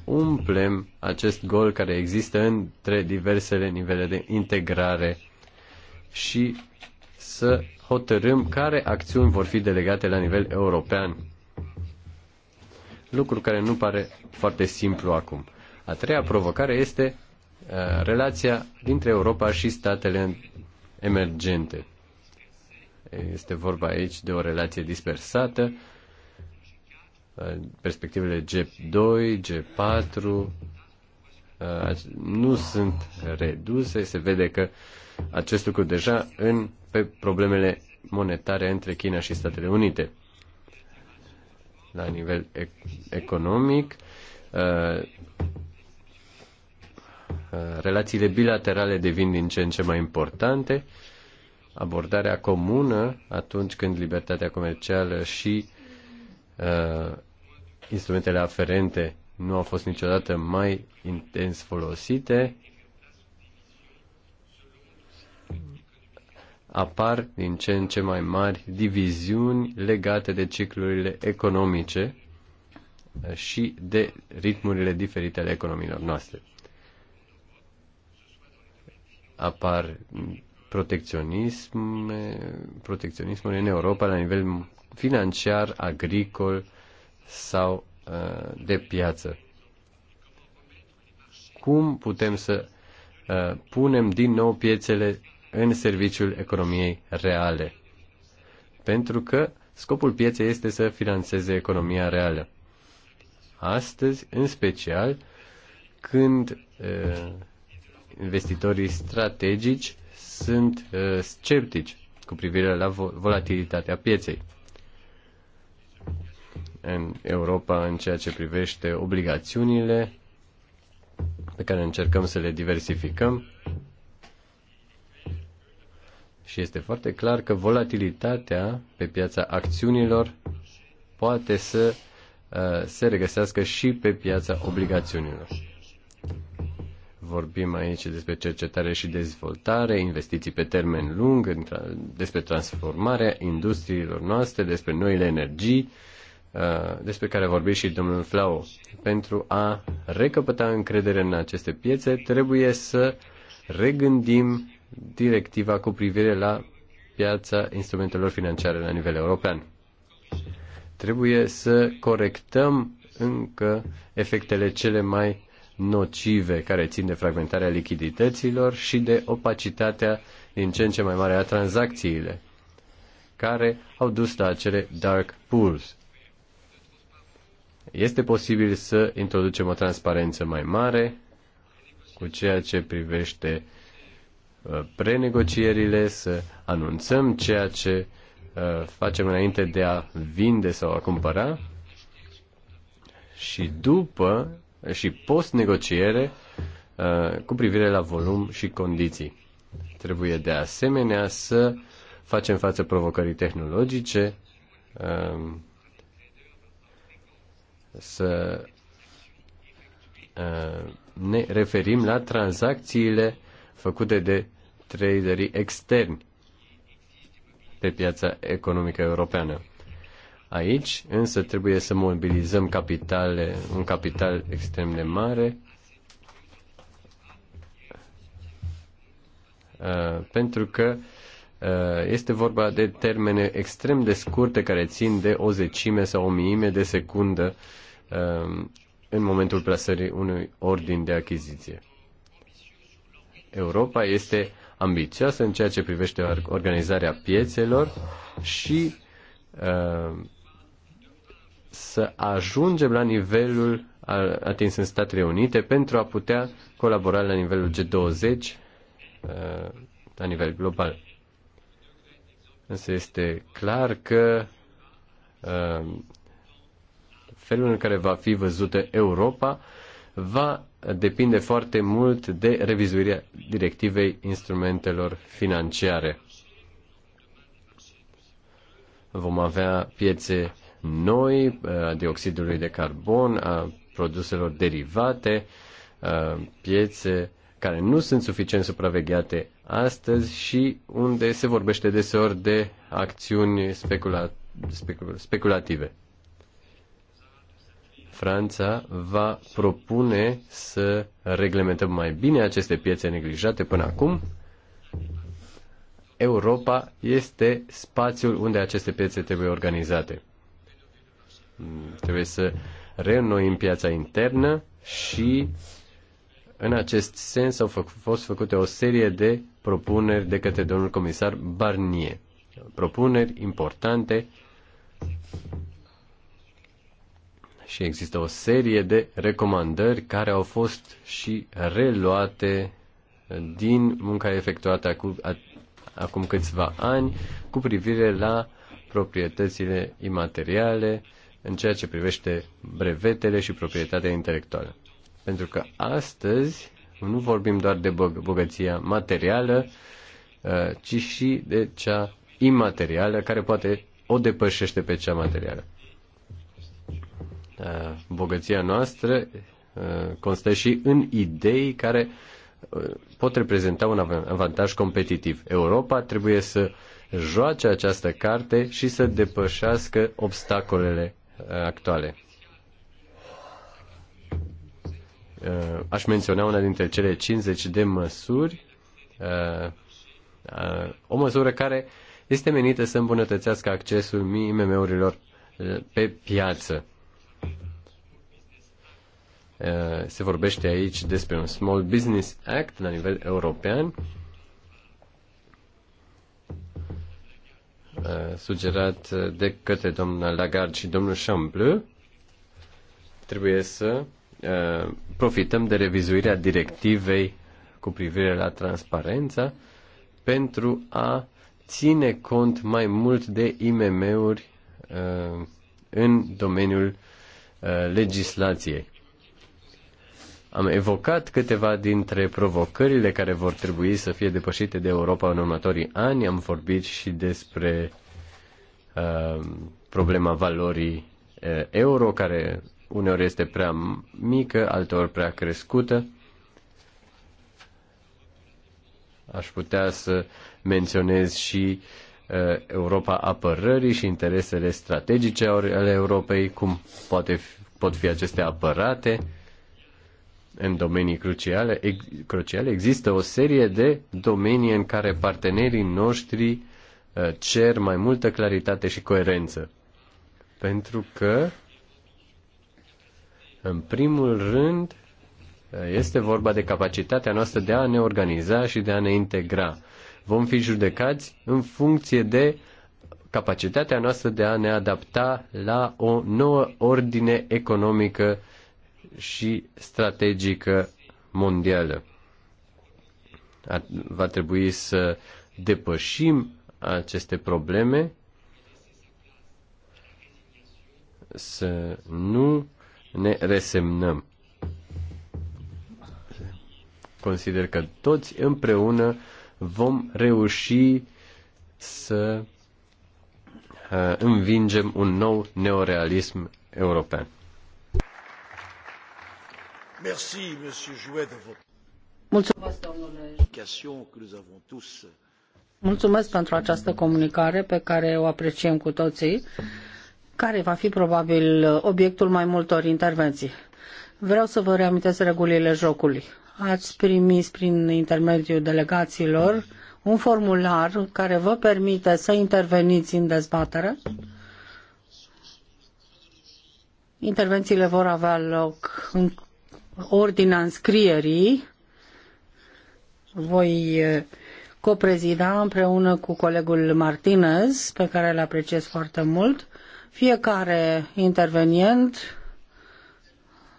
umplem acest gol care există între diversele nivele de integrare și să hotărâm care acțiuni vor fi delegate la nivel european. Lucru care nu pare foarte simplu acum. A treia provocare este uh, relația dintre Europa și statele emergente. Este vorba aici de o relație dispersată perspectivele G2, G4 uh, nu sunt reduse. Se vede că acest lucru deja în, pe problemele monetare între China și Statele Unite. La nivel economic, uh, uh, relațiile bilaterale devin din ce în ce mai importante. Abordarea comună atunci când libertatea comercială și instrumentele aferente nu au fost niciodată mai intens folosite, apar din ce în ce mai mari diviziuni legate de ciclurile economice și de ritmurile diferite ale economiilor noastre. Apar protecționism, protecționismul în Europa la nivel financiar, agricol, sau uh, de piață. Cum putem să uh, punem din nou piețele în serviciul economiei reale? Pentru că scopul pieței este să financeze economia reală. Astăzi, în special, când uh, investitorii strategici sunt sceptici cu privire la volatilitatea pieței în Europa în ceea ce privește obligațiunile pe care încercăm să le diversificăm. Și este foarte clar că volatilitatea pe piața acțiunilor poate să uh, se regăsească și pe piața obligațiunilor. Vorbim aici despre cercetare și dezvoltare, investiții pe termen lung, despre transformarea industriilor noastre, despre noile energii, uh, Uh, despre care a vorbit și domnul Flau. Pentru a recăpăta încredere în aceste piețe, trebuie să regândim directiva cu privire la piața instrumentelor financiare la nivel european. Trebuie să corectăm încă efectele cele mai nocive care țin de fragmentarea lichidităților și de opacitatea din ce în ce mai mare a tranzacțiile, care au dus la acele dark pools este posibil să introducem o transparență mai mare cu ceea ce privește uh, prenegocierile, să anunțăm ceea ce uh, facem înainte de a vinde sau a cumpăra și după și post-negociere uh, cu privire la volum și condiții. Trebuie de asemenea să facem față provocării tehnologice să uh, ne referim la tranzacțiile făcute de traderii externi pe piața economică europeană. Aici însă trebuie să mobilizăm capitale, un capital extrem de mare uh, pentru că uh, Uh, este vorba de termene extrem de scurte care țin de o zecime sau o miime de secundă um, în momentul plasării unui ordin de achiziție. Europa este ambițioasă în ceea ce privește organizarea piețelor și uh, să ajungem la nivelul atins în Statele Unite pentru a putea colabora la nivelul G20 uh, la nivel global. Însă este clar că uh, felul în care va fi văzută Europa va depinde foarte mult de revizuirea directivei instrumentelor financiare. Vom avea piețe noi a uh, dioxidului de carbon, a produselor derivate, uh, piețe care nu sunt suficient supravegheate astăzi și unde se vorbește deseori de acțiuni specula- specul- speculative. Franța va propune să reglementăm mai bine aceste piețe neglijate până acum. Europa este spațiul unde aceste piețe trebuie organizate. Trebuie să reînnoim piața internă și în acest sens au fost făcute o serie de propuneri de către domnul comisar Barnier. Propuneri importante și există o serie de recomandări care au fost și reluate din munca efectuată acum câțiva ani cu privire la proprietățile imateriale în ceea ce privește brevetele și proprietatea intelectuală. Pentru că astăzi nu vorbim doar de bogăția materială, uh, ci și de cea imaterială, care poate o depășește pe cea materială. Uh, bogăția noastră uh, constă și în idei care pot reprezenta un avantaj competitiv. Europa trebuie să joace această carte și să depășească obstacolele actuale. uh, aș menționa una dintre cele 50 de măsuri, uh, uh, o măsură care este menită să îmbunătățească accesul IMM-urilor uh, pe piață. Uh, se vorbește aici despre un Small Business Act la nivel european, uh, sugerat de către domnul Lagarde și domnul Chambleu. Trebuie să Uh, profităm de revizuirea directivei cu privire la transparență pentru a ține cont mai mult de IMM-uri uh, în domeniul uh, legislației. Am evocat câteva dintre provocările care vor trebui să fie depășite de Europa în următorii ani. Am vorbit și despre uh, problema valorii uh, euro, care uneori este prea mică, alteori prea crescută. Aș putea să menționez și uh, Europa apărării și interesele strategice ale Europei, cum poate fi, pot fi acestea apărate în domenii cruciale, ex, cruciale. Există o serie de domenii în care partenerii noștri uh, cer mai multă claritate și coerență. Pentru că în primul rând, este vorba de capacitatea noastră de a ne organiza și de a ne integra. Vom fi judecați în funcție de capacitatea noastră de a ne adapta la o nouă ordine economică și strategică mondială. Va trebui să depășim aceste probleme, să nu ne resemnăm. Consider că toți împreună vom reuși să uh, învingem un nou neorealism european. Merci, Monsieur Jouet, de votre... Mulțumesc, domnule. Mulțumesc pentru această comunicare pe care o apreciem cu toții care va fi probabil obiectul mai multor intervenții. Vreau să vă reamintesc regulile jocului. Ați primit prin intermediul delegațiilor un formular care vă permite să interveniți în dezbatere. Intervențiile vor avea loc în ordinea înscrierii. Voi coprezida împreună cu colegul Martinez, pe care îl apreciez foarte mult. Fiecare intervenient,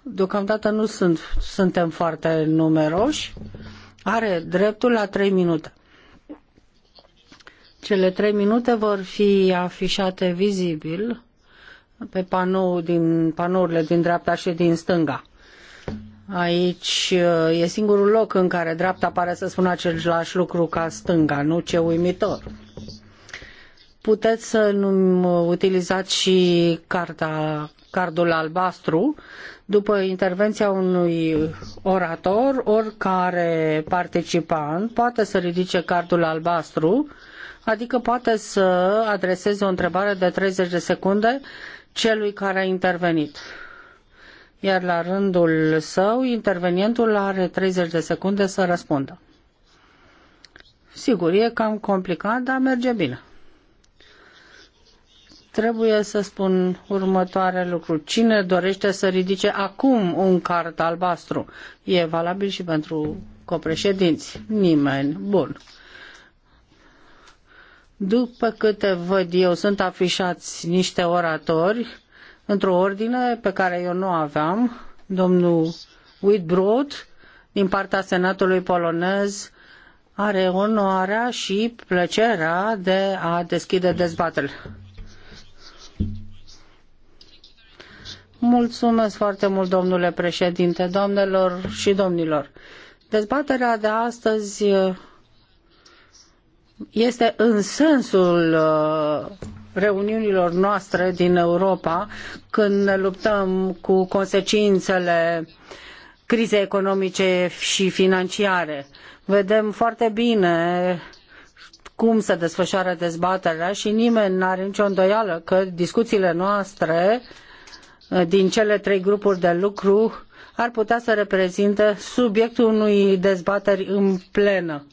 deocamdată nu sunt, suntem foarte numeroși, are dreptul la trei minute. Cele trei minute vor fi afișate vizibil pe panou din, panourile din dreapta și din stânga. Aici uh, e singurul loc în care dreapta pare să spună același lucru ca stânga, nu ce uimitor puteți să uh, utilizați și carta, cardul albastru. După intervenția unui orator, oricare participant poate să ridice cardul albastru, adică poate să adreseze o întrebare de 30 de secunde celui care a intervenit. Iar la rândul său, intervenientul are 30 de secunde să răspundă. Sigur, e cam complicat, dar merge bine. Trebuie să spun următoare lucru. Cine dorește să ridice acum un card albastru? E valabil și pentru copreședinți. Nimeni. Bun. După câte văd eu, sunt afișați niște oratori într-o ordine pe care eu nu aveam. Domnul Whitbrod, din partea Senatului polonez, are onoarea și plăcerea de a deschide dezbaterile. Mulțumesc foarte mult, domnule președinte, doamnelor și domnilor. Dezbaterea de astăzi uh, este în sensul uh, reuniunilor noastre din Europa când ne luptăm cu consecințele crizei economice și financiare. Vedem foarte bine cum se desfășoară dezbaterea și nimeni nu are nicio îndoială că discuțiile noastre uh, din cele trei grupuri de lucru ar putea să reprezinte subiectul unui dezbateri în plenă.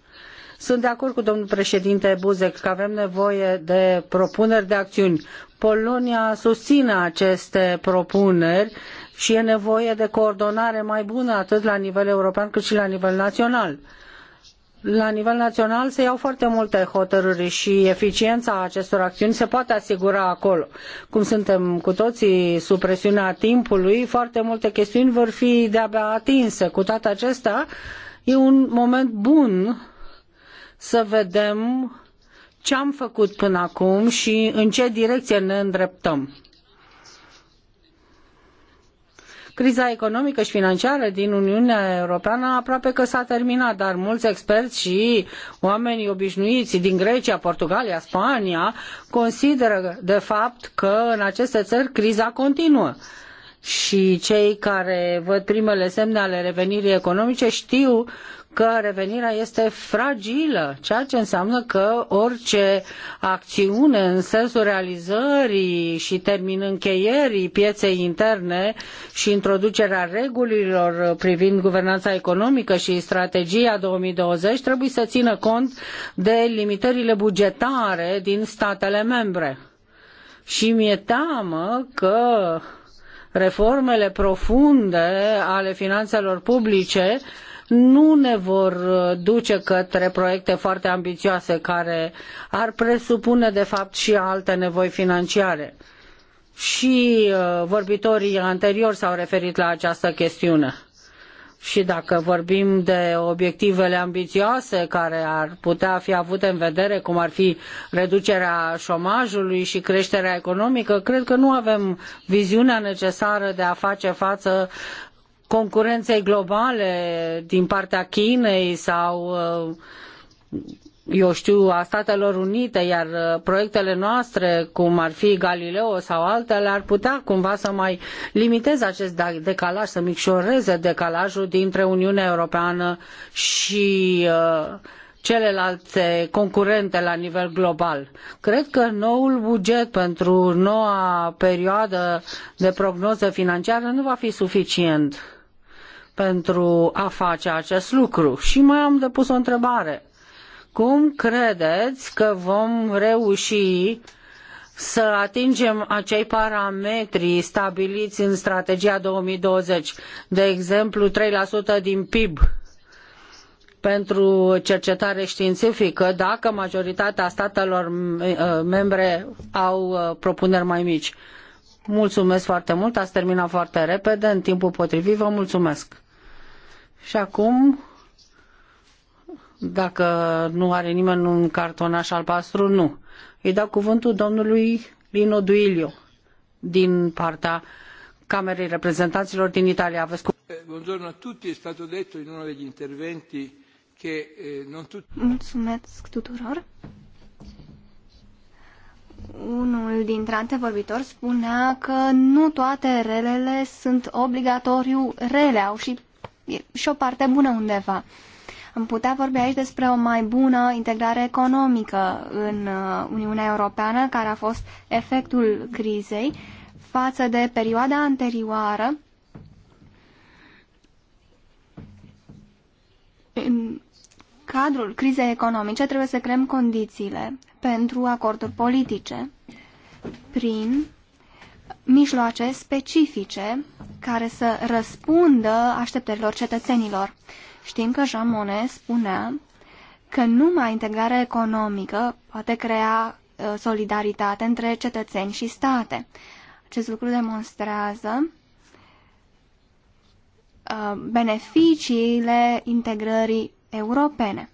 Sunt de acord cu domnul președinte Buzek că avem nevoie de propuneri de acțiuni. Polonia susține aceste propuneri și e nevoie de coordonare mai bună atât la nivel european cât și la nivel național la nivel național se iau foarte multe hotărâri și eficiența acestor acțiuni se poate asigura acolo. Cum suntem cu toții sub presiunea timpului, foarte multe chestiuni vor fi de-abia atinse. Cu toate acestea, e un moment bun să vedem ce am făcut până acum și în ce direcție ne îndreptăm. Criza economică și financiară din Uniunea Europeană aproape că s-a terminat, dar mulți experți și oamenii obișnuiți din Grecia, Portugalia, Spania consideră de fapt că în aceste țări criza continuă și cei care văd primele semne ale revenirii economice știu că revenirea este fragilă, ceea ce înseamnă că orice acțiune în sensul realizării și termin încheierii pieței interne și introducerea regulilor privind guvernanța economică și strategia 2020 trebuie să țină cont de limitările bugetare din statele membre. Și mi-e teamă că reformele profunde ale finanțelor publice uh, nu ne vor uh, duce către proiecte foarte ambițioase care ar presupune de fapt și alte nevoi financiare. Și uh, vorbitorii anteriori s-au referit la această chestiune. Și dacă vorbim de obiectivele ambițioase care ar putea fi avute în vedere, cum ar fi reducerea șomajului și creșterea economică, cred că nu avem viziunea necesară de a face față concurenei globale din partea Chinei sau eu știu, a Statelor Unite, iar uh, proiectele noastre, cum ar fi Galileo sau altele, ar putea cumva să mai limiteze acest da, decalaj, să micșoreze decalajul dintre Uniunea Europeană și uh, celelalte concurente la nivel global. Cred că noul buget pentru noua perioadă de prognoză financiară nu va fi suficient pentru a face acest lucru. Și mai am depus o întrebare. Cum credeți că vom reuși să atingem acei parametri stabiliți în strategia 2020, de exemplu 3% din PIB pentru cercetare științifică, dacă majoritatea statelor membre au propuneri mai mici. Mulțumesc foarte mult, ați terminat foarte repede, în timpul potrivit, vă mulțumesc. Și acum, dacă nu are nimeni un cartonaș albastru, nu. Îi dau cuvântul domnului Lino Duilio din partea Camerei Reprezentanților din Italia. Aveți cu... Eh, buongiorno a tutti, è stato detto in uno degli interventi che eh, non tutti... Mulțumesc tuturor. Unul dintre antevorbitori spunea că nu toate relele sunt obligatoriu rele, au și și o parte bună undeva. Am putea vorbi aici despre o mai bună integrare economică în uh, Uniunea Europeană, care a fost efectul crizei față de perioada anterioară în cadrul crizei economice trebuie să creăm condițiile pentru acorduri politice prin mijloace specifice care să răspundă așteptărilor cetățenilor. Știm că Jean Monnet spunea că numai integrarea economică poate crea uh, solidaritate între cetățeni și state. Acest lucru demonstrează uh, beneficiile integrării europene.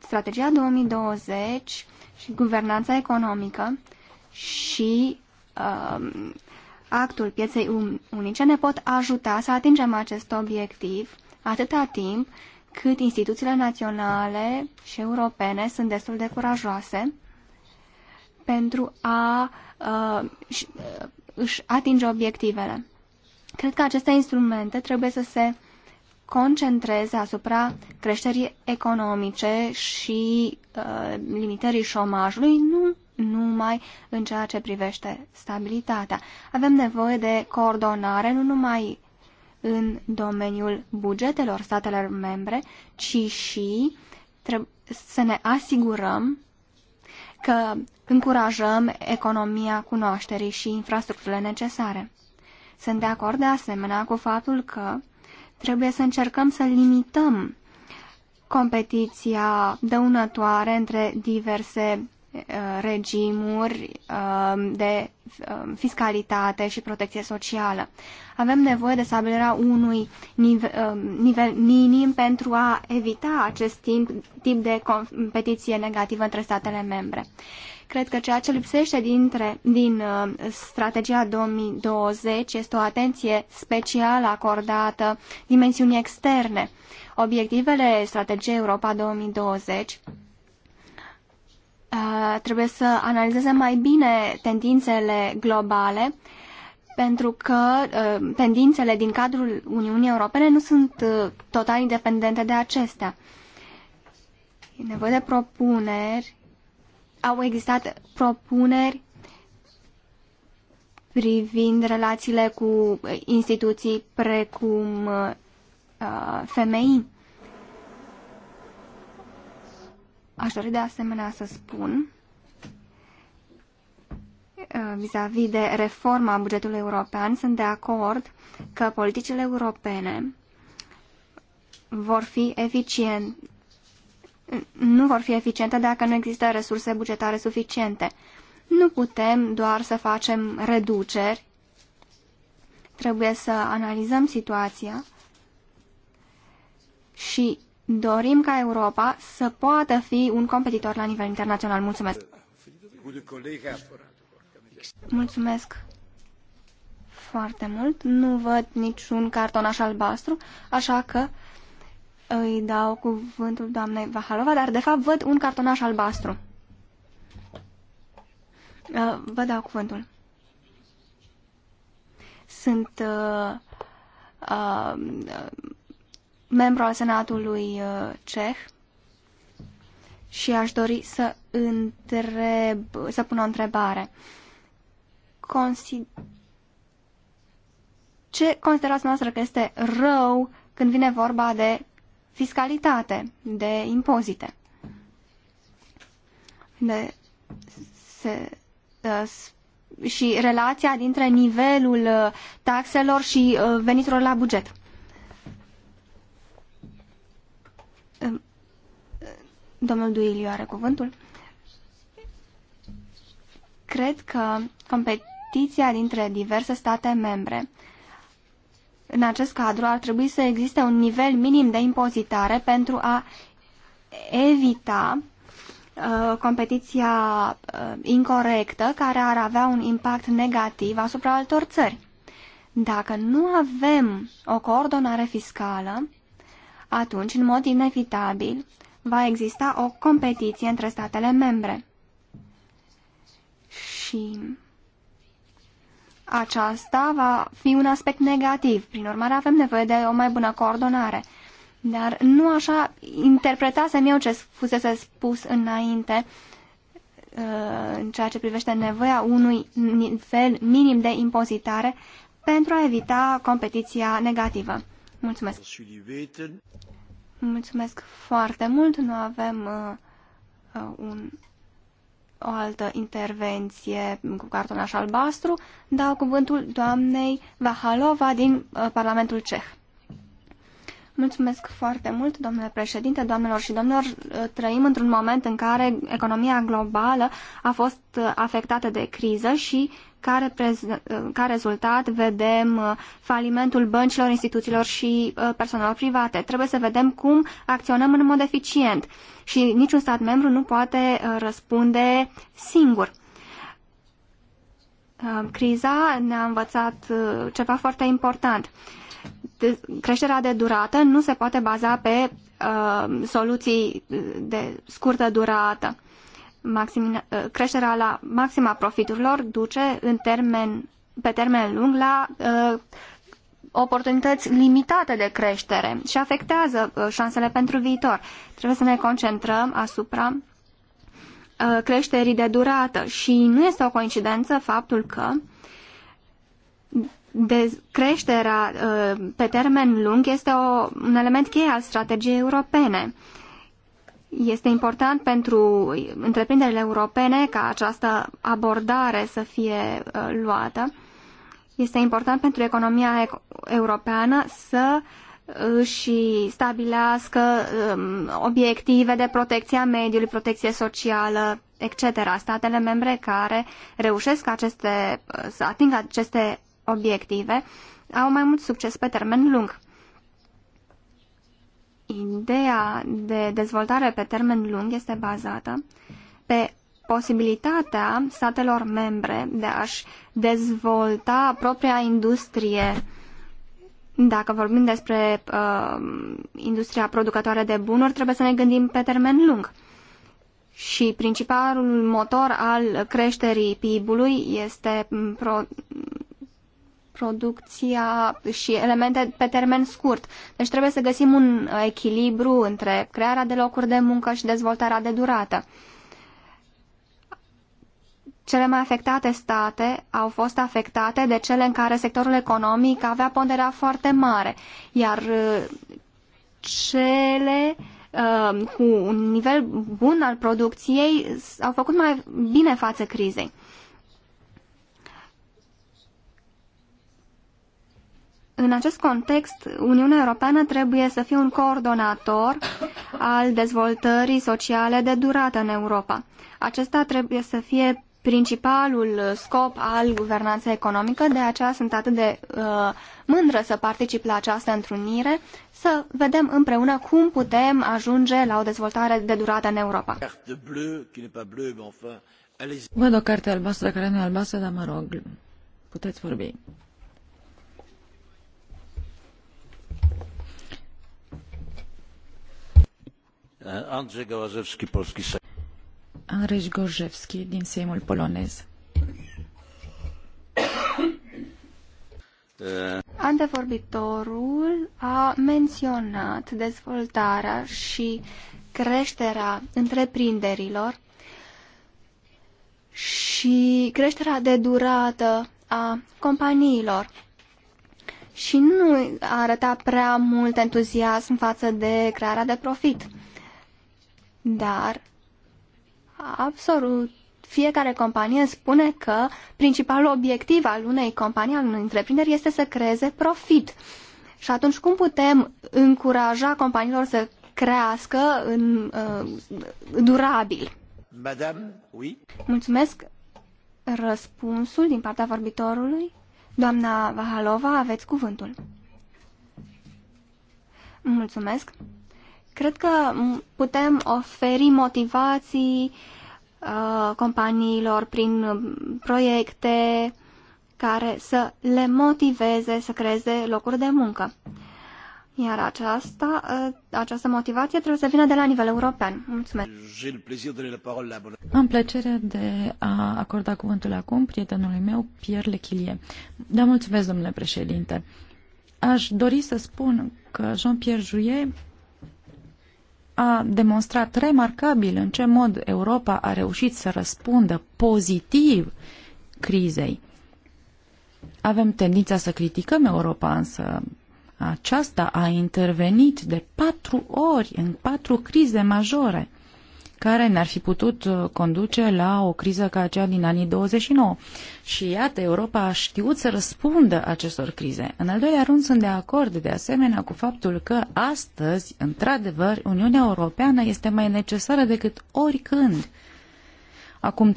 Strategia 2020 și guvernanța economică și Um, actul pieței unice ne pot ajuta să atingem acest obiectiv atâta timp cât instituțiile naționale și europene sunt destul de curajoase pentru a uh, uh își atinge obiectivele. Cred că aceste instrumente trebuie să se concentreze asupra creșterii economice și uh, limitării șomajului, nu numai în ceea ce privește stabilitatea. Avem nevoie de coordonare nu numai în domeniul bugetelor statelor membre, ci și să ne asigurăm că încurajăm economia cunoașterii și infrastructurile necesare. Sunt de acord de asemenea cu faptul că trebuie să încercăm să limităm competiția dăunătoare între diverse Uh, regimuri uh, de uh, fiscalitate și protecție socială. Avem nevoie de stabilirea unui nivel, nivel minim pentru a evita acest timp, tip de competiție negativă între statele membre. Cred că ceea ce lipsește dintre, din strategia 2020 este o atenție specială acordată dimensiunii externe. Obiectivele strategiei Europa 2020 Uh, trebuie să analizeze mai bine tendințele globale, pentru că uh, tendințele din cadrul Uniunii Europene nu sunt uh, total independente de acestea. E nevoie de propuneri. Au existat propuneri privind relațiile cu instituții precum uh, femei. Aș dori de asemenea să spun uh, vis-a-vis -vis de reforma bugetului european, sunt de acord că politicile europene vor fi eficiente. nu vor fi eficiente dacă nu există resurse bugetare suficiente. Nu putem doar să facem reduceri, trebuie să analizăm situația și Dorim ca Europa să poată fi un competitor la nivel internațional. Mulțumesc! Mulțumesc foarte mult. Nu văd niciun cartonaș albastru, așa că îi dau cuvântul doamnei Vahalova, dar de fapt văd un cartonaș albastru. Uh, vă dau cuvântul. Sunt uh, uh, membru al Senatului uh, Ceh și aș dori să întreb, să pun o întrebare. Consi... Ce considerați noastră că este rău când vine vorba de fiscalitate, de impozite? De, se, de, uh, și relația dintre nivelul uh, taxelor și veniturilor la buget. Domnul Duiliu are cuvântul. Cred că competiția dintre diverse state membre în acest cadru ar trebui să existe un nivel minim de impozitare pentru a evita uh, competiția uh, incorrectă care ar avea un impact negativ asupra altor țări. Dacă nu avem o coordonare fiscală, atunci, în mod inevitabil, va exista o competiție între statele membre. Și aceasta va fi un aspect negativ. Prin urmare, avem nevoie de o mai bună coordonare. Dar nu așa interpretasem eu ce fusese spus înainte uh, în ceea ce privește nevoia unui nivel minim de impozitare pentru a evita competiția negativă. Mulțumesc! Mulțumesc foarte mult. Nu avem uh, uh, un, o altă intervenție cu cartonaș albastru. Dau cuvântul doamnei Vahalova din uh, Parlamentul Ceh. Mulțumesc foarte mult, domnule președinte, doamnelor și domnilor. Uh, trăim într-un moment în care economia globală a fost uh, afectată de criză și ca, ca rezultat vedem uh, falimentul băncilor, instituțiilor și uh, personal private. Trebuie să vedem cum acționăm în mod eficient și niciun stat membru nu poate uh, răspunde singur. Criza ne-a învățat ceva foarte important. Creșterea de durată nu se poate baza pe soluții de scurtă durată maxim, uh, creșterea la maxima profiturilor duce în termen, pe termen lung la uh, oportunități limitate de creștere și afectează uh, șansele pentru viitor. Trebuie să ne concentrăm asupra uh, creșterii de durată și nu este o coincidență faptul că de creșterea uh, pe termen lung este o, un element cheie al strategiei europene. Uh, este important pentru întreprinderile europene ca această abordare să fie uh, luată. Este important pentru economia europeană să uh, și stabilească um, obiective de protecție a mediului, protecție socială, etc. Statele membre care reușesc aceste, uh, să atingă aceste obiective au mai mult succes pe termen lung ideea de dezvoltare pe termen lung este bazată pe posibilitatea statelor membre de a-și dezvolta propria industrie. Dacă vorbim despre uh, industria producătoare de bunuri, trebuie să ne gândim pe termen lung. Și principalul motor al creșterii PIB-ului este pro- producția și elemente pe termen scurt. Deci trebuie să găsim un echilibru între crearea de locuri de muncă și dezvoltarea de durată. Cele mai afectate state au fost afectate de cele în care sectorul economic avea ponderea foarte mare, iar uh, cele uh, cu un nivel bun al producției au făcut mai bine față crizei. În acest context, Uniunea Europeană trebuie să fie un coordonator al dezvoltării sociale de durată în Europa. Acesta trebuie să fie principalul scop al guvernanței economică, de aceea sunt atât de uh, mândră să particip la această întrunire, să vedem împreună cum putem ajunge la o dezvoltare de durată în Europa. Văd o carte albastră care nu e albastră, dar mă rog, puteți vorbi. Andrzej Gałazewski, Gorzewski din Seimul polonez. Antevorbitorul a menționat dezvoltarea și creșterea întreprinderilor și creșterea de durată a companiilor. Și nu arăta prea mult entuziasm față de crearea de profit dar absolut fiecare companie spune că principalul obiectiv al unei companii, al unei întreprinderi, este să creeze profit. Și atunci cum putem încuraja companiilor să crească în, uh, durabil? Madame, oui. Mulțumesc. Răspunsul din partea vorbitorului? Doamna Vahalova, aveți cuvântul. Mulțumesc. Cred că putem oferi motivații uh, companiilor prin um, proiecte care să le motiveze să creeze locuri de muncă. Iar aceasta, uh, această motivație trebuie să vină de la nivel european. Mulțumesc. Am plăcerea de a acorda cuvântul acum prietenului meu, Pierre Lechilie. Da, mulțumesc, domnule președinte. Aș dori să spun că Jean-Pierre Jouyer a demonstrat remarcabil în ce mod Europa a reușit să răspundă pozitiv crizei. Avem tendința să criticăm Europa, însă aceasta a intervenit de patru ori în patru crize majore care ne-ar fi putut uh, conduce la o criză ca aceea din anii 29. Și iată, Europa a știut să răspundă acestor crize. În al doilea rând, sunt de acord de asemenea cu faptul că astăzi, într-adevăr, Uniunea Europeană este mai necesară decât oricând. Acum 3-4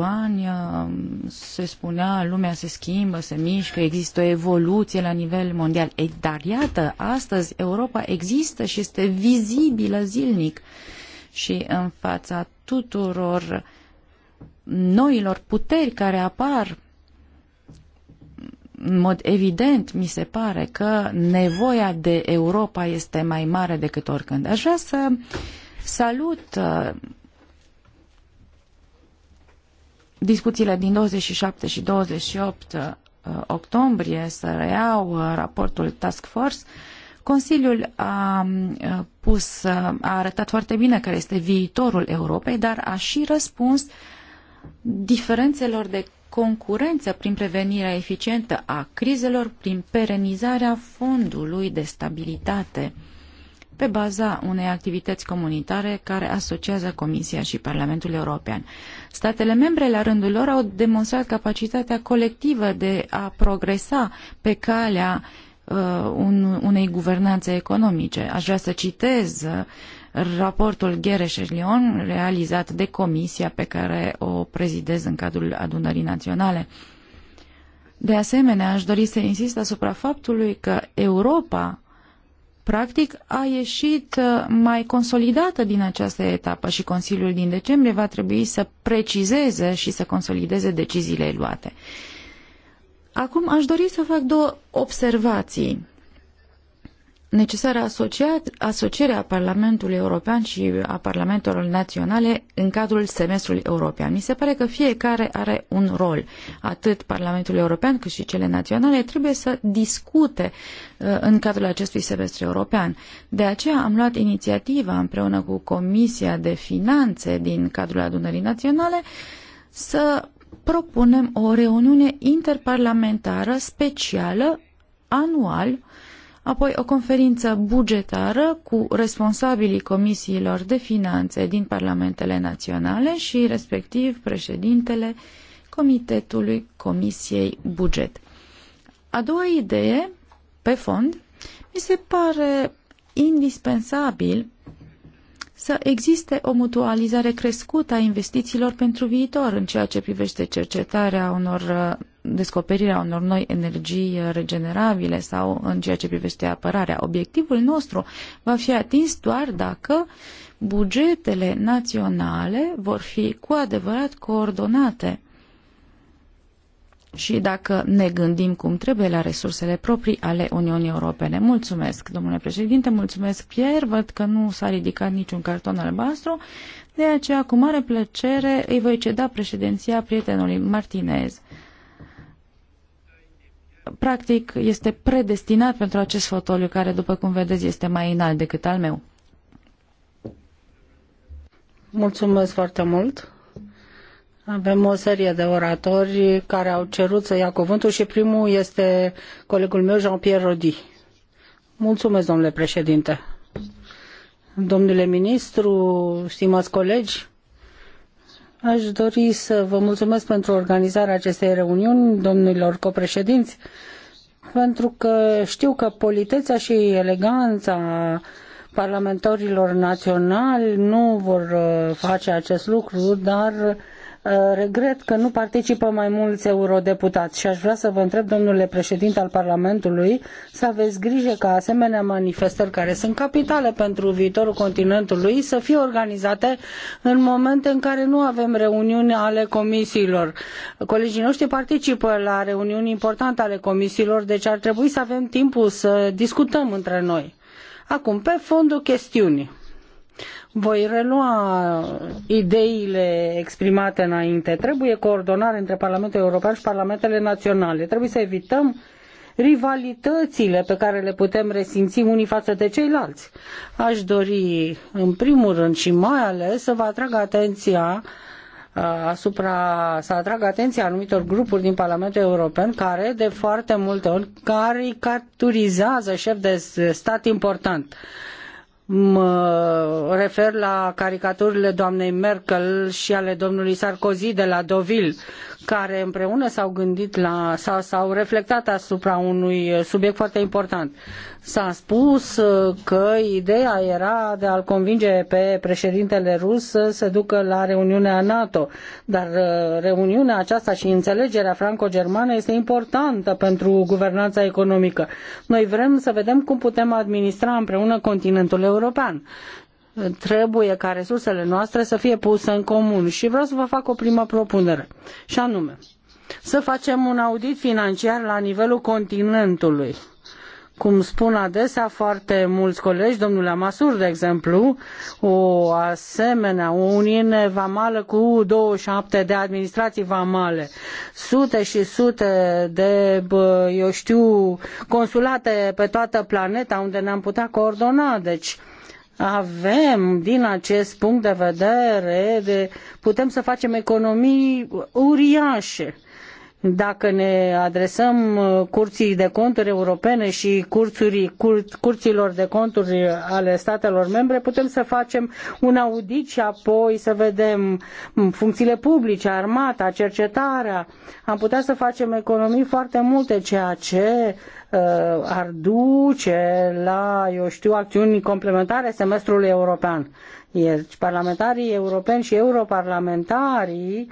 ani uh, se spunea lumea se schimbă, se mișcă, există o evoluție la nivel mondial. Ei, dar iată, astăzi Europa există și este vizibilă zilnic și în fața tuturor noilor puteri care apar în mod evident mi se pare că nevoia de Europa este mai mare decât oricând. Aș vrea să salut uh, discuțiile din 27 și 28 uh, octombrie, să reiau uh, raportul Task Force Consiliul a pus, a arătat foarte bine care este viitorul Europei, dar a și răspuns diferențelor de concurență prin prevenirea eficientă a crizelor, prin perenizarea fondului de stabilitate pe baza unei activități comunitare care asociază Comisia și Parlamentul European. Statele membre, la rândul lor, au demonstrat capacitatea colectivă de a progresa pe calea Uh, unei guvernanțe economice. Aș vrea să citez uh, raportul Ghereș Leon realizat de comisia pe care o prezidez în cadrul adunării naționale. De asemenea, aș dori să insist asupra faptului că Europa practic a ieșit uh, mai consolidată din această etapă și Consiliul din decembrie va trebui să precizeze și să consolideze deciziile luate. Acum aș dori să fac două observații. Necesară asocierea Parlamentului European și a Parlamentelor Naționale în cadrul semestrului european. Mi se pare că fiecare are un rol. Atât Parlamentul European cât și cele naționale trebuie să discute uh, în cadrul acestui semestru european. De aceea am luat inițiativa împreună cu Comisia de Finanțe din cadrul adunării naționale să propunem o reuniune interparlamentară specială anual, apoi o conferință bugetară cu responsabilii comisiilor de finanțe din parlamentele naționale și respectiv președintele Comitetului Comisiei Buget. A doua idee, pe fond, mi se pare indispensabil să existe o mutualizare crescută a investițiilor pentru viitor în ceea ce privește cercetarea unor uh, descoperirea unor noi energii uh, regenerabile sau în ceea ce privește apărarea. Obiectivul nostru va fi atins doar dacă bugetele naționale vor fi cu adevărat coordonate și dacă ne gândim cum trebuie la resursele proprii ale Uniunii Europene. Mulțumesc, domnule președinte, mulțumesc, Pierre. Văd că nu s-a ridicat niciun carton albastru, de aceea, cu mare plăcere, îi voi ceda președinția prietenului Martinez. Practic, este predestinat pentru acest fotoliu, care, după cum vedeți, este mai înalt decât al meu. Mulțumesc foarte mult. Avem o serie de oratori care au cerut să ia cuvântul și primul este colegul meu, Jean-Pierre Rodi. Mulțumesc, domnule președinte. Domnule ministru, stimați colegi, aș dori să vă mulțumesc pentru organizarea acestei reuniuni, domnilor copreședinți, pentru că știu că politețea și eleganța parlamentarilor naționali nu vor uh, face acest lucru, dar Uh, regret că nu participă mai mulți eurodeputați și aș vrea să vă întreb, domnule președinte al Parlamentului, să aveți grijă ca asemenea manifestări care sunt capitale pentru viitorul continentului să fie organizate în momente în care nu avem reuniuni ale comisiilor. Colegii noștri participă la reuniuni importante ale comisiilor, deci ar trebui să avem timpul să discutăm între noi. Acum, pe fondul chestiunii voi relua ideile exprimate înainte. Trebuie coordonare între Parlamentul European și Parlamentele Naționale. Trebuie să evităm rivalitățile pe care le putem resimți unii față de ceilalți. Aș dori, în primul rând și mai ales, să vă atrag atenția uh, asupra, să atrag atenția anumitor grupuri din Parlamentul European care de foarte multe ori caricaturizează șef de stat important mă refer la caricaturile doamnei Merkel și ale domnului Sarkozy de la Deauville, care împreună s-au gândit la, sau s-au reflectat asupra unui subiect foarte important. S-a spus uh, că ideea era de a-l convinge pe președintele rus să se ducă la reuniunea NATO, dar uh, reuniunea aceasta și înțelegerea franco-germană este importantă pentru guvernanța economică. Noi vrem să vedem cum putem administra împreună continentul european trebuie ca resursele noastre să fie puse în comun. Și vreau să vă fac o primă propunere, și anume, să facem un audit financiar la nivelul continentului. Cum spun adesea foarte mulți colegi, domnul Amasur, de exemplu, o asemenea o uniune vamală cu 27 de administrații vamale, sute și sute de, eu știu, consulate pe toată planeta unde ne-am putea coordona, deci avem din acest punct de vedere, de, putem să facem economii uriașe dacă ne adresăm uh, curții de conturi europene și curțurii, cur, curților de conturi ale statelor membre, putem să facem un audit și apoi să vedem funcțiile publice, armata, cercetarea. Am putea să facem economii foarte multe, ceea ce uh, ar duce la, eu știu, acțiuni complementare semestrului european. Iar parlamentarii europeni și europarlamentarii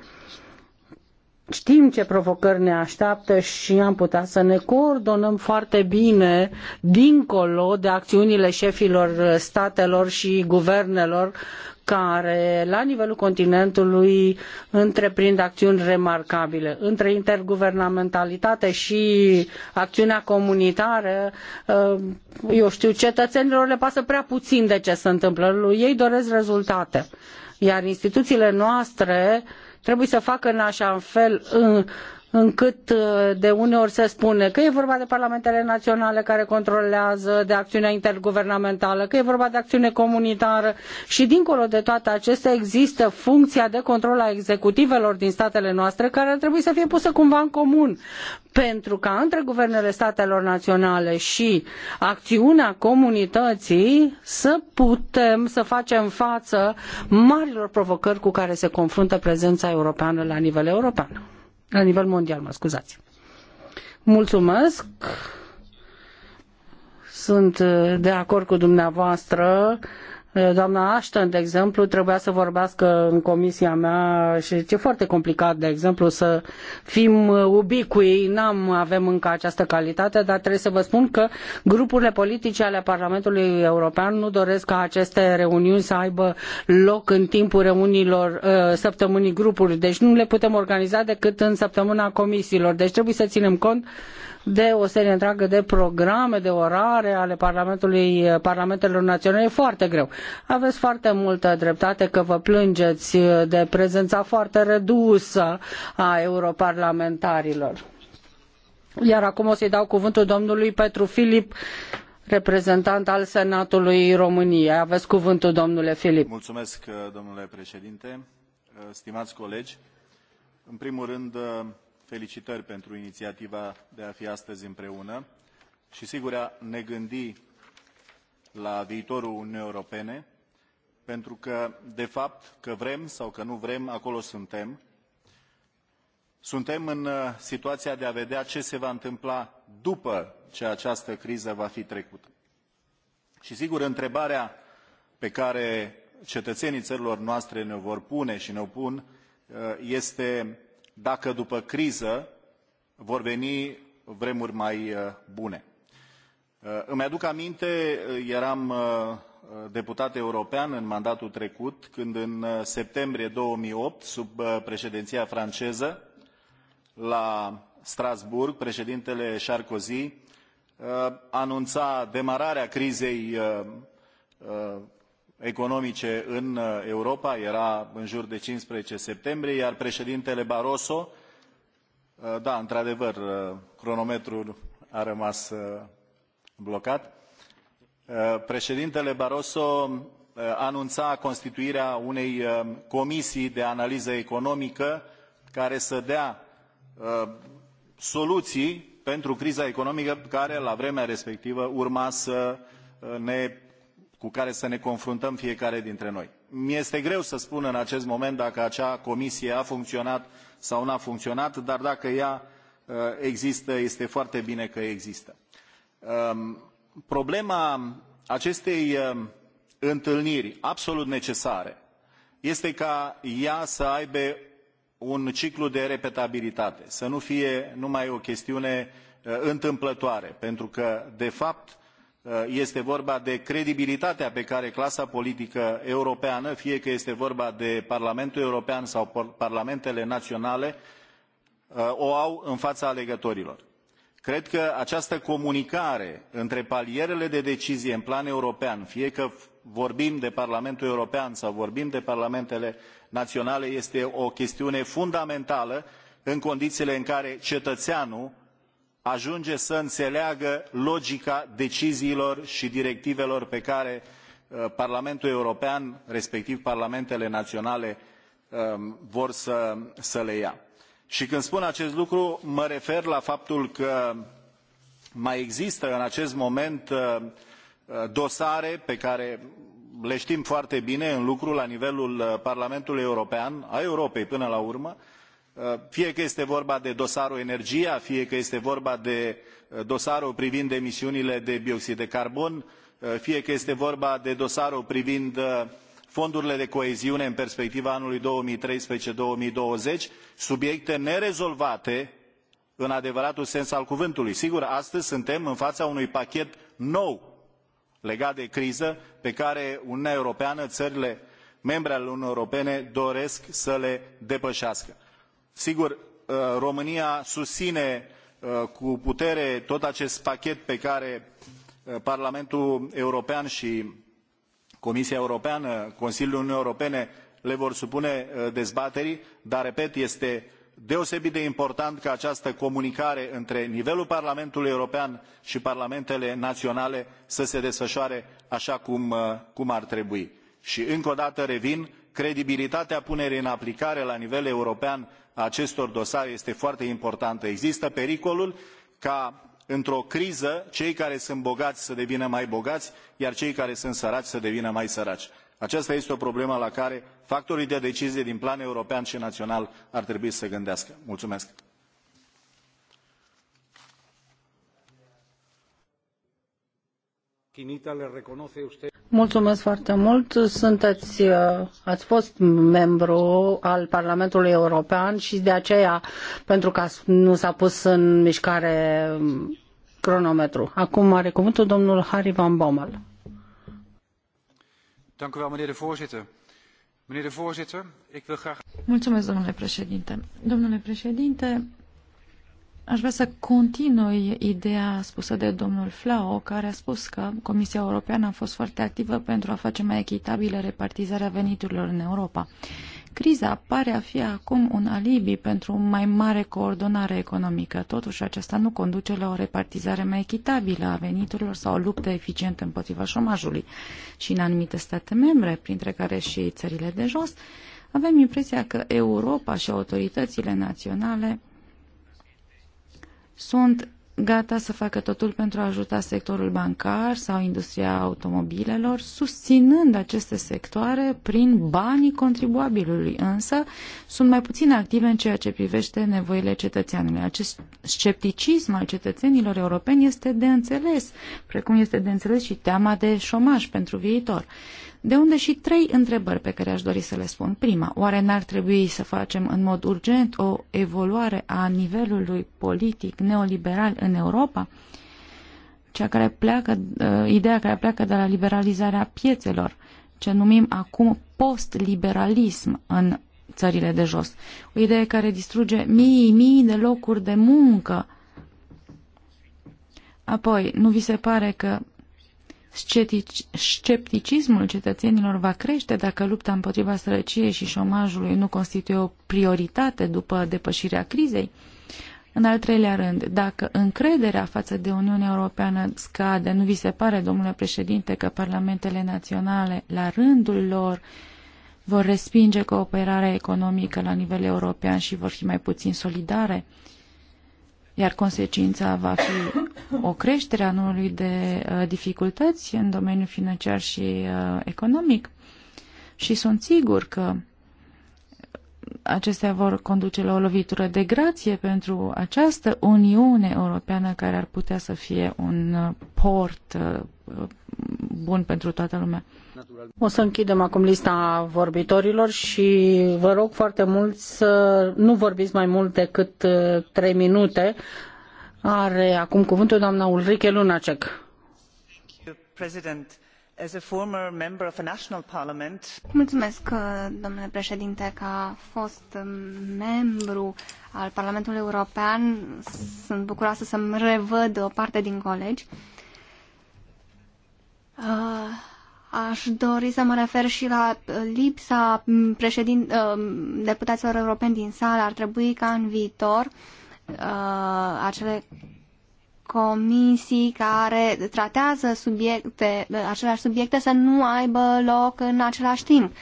știm ce provocări ne așteaptă și am putea să ne coordonăm foarte bine dincolo de acțiunile șefilor statelor și guvernelor care la nivelul continentului întreprind acțiuni remarcabile. Între interguvernamentalitate și acțiunea comunitară, uh, eu știu, cetățenilor le pasă prea puțin de ce se întâmplă. Ei doresc rezultate. Iar instituțiile noastre uh, trebuie să facă în așa fel încât uh, de uneori se spune că e vorba de parlamentele naționale care controlează, de acțiunea interguvernamentală, că e vorba de acțiune comunitară și dincolo de toate acestea există funcția de control a executivelor din statele noastre care ar trebui să fie pusă cumva în comun pentru ca între guvernele statelor naționale și acțiunea comunității să putem să facem față marilor provocări cu care se confruntă prezența europeană la nivel european la nivel mondial, mă scuzați. Mulțumesc. Sunt uh, de acord cu dumneavoastră Doamna Ashton, de exemplu, trebuia să vorbească în comisia mea și e foarte complicat, de exemplu, să fim ubicui, n-am, avem încă această calitate, dar trebuie să vă spun că grupurile politice ale Parlamentului European nu doresc ca aceste reuniuni să aibă loc în timpul reuniilor uh, săptămânii grupurilor. deci nu le putem organiza decât în săptămâna comisiilor, deci trebuie să ținem cont de o serie întreagă de programe, de orare ale Parlamentului, Parlamentelor Naționale, e foarte greu. Aveți foarte multă dreptate că vă plângeți de prezența foarte redusă a europarlamentarilor. Iar acum o să-i dau cuvântul domnului Petru Filip, reprezentant al Senatului României. Aveți cuvântul, domnule Filip. Mulțumesc, domnule președinte, stimați colegi. În primul rând, felicitări pentru inițiativa de a fi astăzi împreună și sigur a ne gândi la viitorul Uniunii Europene, pentru că, de fapt, că vrem sau că nu vrem, acolo suntem. Suntem în uh, situația de a vedea ce se va întâmpla după ce această criză va fi trecută. Și sigur, întrebarea pe care cetățenii țărilor noastre ne-o vor pune și ne-o pun uh, este dacă după criză vor veni vremuri mai uh, bune. Uh, îmi aduc aminte, uh, eram uh, deputat european în mandatul trecut, când în septembrie 2008, sub președinția franceză, la Strasbourg, președintele Sarkozy anunța demararea crizei economice în Europa, era în jur de 15 septembrie, iar președintele Barroso, da, într-adevăr, cronometrul a rămas blocat. Uh, președintele Barroso uh, anunța constituirea unei uh, comisii de analiză economică care să dea soluții pentru criza economică care la vremea respectivă urma să ne, cu care să ne confruntăm fiecare dintre noi. Mi este greu să spun în acest moment dacă acea comisie a funcționat sau nu a funcționat, dar dacă ea există, este foarte bine că există. Ehm, problema acestei ehm, întâlniri absolut necesare este ca ea să aibă un ciclu de repetabilitate să nu fie numai o chestiune ehm, întâmplătoare pentru că de fapt este vorba de credibilitatea pe care clasa politică europeană fie că este vorba de parlamentul european sau parlamentele naționale o au în fața alegătorilor cred că această comunicare între palierele de decizie în plan european fie că vorbim de parlamentul european sau vorbim de parlamentele naționale este o chestiune fundamentală în condițiile în care cetățeanul ajunge să înțeleagă logica deciziilor și directivelor pe care uh, parlamentul european respectiv parlamentele naționale um, vor să, să le ia și când spun acest lucru, mă refer la faptul că mai există în acest moment uh, uh, dosare pe care le știm foarte bine în lucru la nivelul uh, Parlamentului European, a Europei până la urmă, fie că este vorba de dosarul energia, fie că este vorba de dosarul privind emisiunile de dioxid de carbon, fie că este vorba de dosarul privind fondurile de coeziune în perspectiva anului două mii treisprezece două mii douăzeci subiecte nerezolvate în adevăratul sens al cuvântului. sigur astăzi suntem în faa unui pachet nou legat de criză pe care uniunea europeană ările membre ale uniunii europene doresc să le depăească. sigur uh, românia susine uh, cu putere tot acest pachet pe care uh, parlamentul european i Comisia Europeană, Consiliul Uniunii Europene le vor supune uh, dezbaterii, dar, repet, este deosebit de important ca această comunicare între nivelul Parlamentului European și Parlamentele Naționale să se desfășoare așa cum, uh, cum ar trebui. Și încă o dată revin, credibilitatea punerii în aplicare la nivel european a acestor dosare este foarte importantă. Există pericolul ca într o criză cei care sunt bogai să devină mai bogai iar cei care sunt săraci să devină mai săraci. aceasta este o problemă la care factorii de decizie din plan european i naional ar trebui să se gândească. Mulțumesc. Mulțumesc foarte mult. Sunteți, uh, ați fost membru al Parlamentului European și de aceea, pentru că nu s-a pus în mișcare um, cronometru. Acum are cuvântul domnul Harry Van Bommel. Mulțumesc, domnule președinte. Domnule președinte, aș vrea să continui ideea spusă de domnul Flao, care a spus că Comisia Europeană a fost foarte activă pentru a face mai echitabilă repartizarea veniturilor în Europa. Criza pare a fi acum un alibi pentru o mai mare coordonare economică. Totuși, aceasta nu conduce la o repartizare mai echitabilă a veniturilor sau o luptă eficientă împotriva șomajului. Și în anumite state membre, printre care și țările de jos, avem impresia că Europa și autoritățile naționale sunt gata să facă totul pentru a ajuta sectorul bancar sau industria automobilelor, susținând aceste sectoare prin banii contribuabilului, însă sunt mai puțin active în ceea ce privește nevoile cetățeanului. Acest scepticism al cetățenilor europeni este de înțeles, precum este de înțeles și teama de șomaj pentru viitor. De unde și trei întrebări pe care aș dori să le spun. Prima, oare n-ar trebui să facem în mod urgent o evoluare a nivelului politic neoliberal în Europa? Cea care pleacă, uh, ideea care pleacă de la liberalizarea piețelor, ce numim acum post-liberalism în țările de jos. O idee care distruge mii, mii de locuri de muncă. Apoi, nu vi se pare că Scepticismul cetățenilor va crește dacă lupta împotriva sărăciei și șomajului nu constituie o prioritate după depășirea crizei. În al treilea rând, dacă încrederea față de Uniunea Europeană scade, nu vi se pare, domnule președinte, că parlamentele naționale, la rândul lor, vor respinge cooperarea economică la nivel european și vor fi mai puțin solidare? iar consecința va fi o creștere a numărului de uh, dificultăți în domeniul financiar și uh, economic. Și sunt sigur că acestea vor conduce la o lovitură de grație pentru această Uniune Europeană care ar putea să fie un uh, port uh, uh, bun pentru toată lumea. O să închidem acum lista vorbitorilor și vă rog foarte mult să nu vorbiți mai mult decât trei minute. Are acum cuvântul doamna Ulrike Lunacek. President Mulțumesc, uh, domnule președinte, că fost um, membru al Parlamentului European. Sunt bucuroasă să-mi revăd o parte din colegi. Uh, aș dori să mă refer și la lipsa mm, președin... Uh, deputaților europeni din sală. Ar trebui ca în viitor acele comisii care tratează subiecte, aceleași subiecte să nu aibă loc în același timp,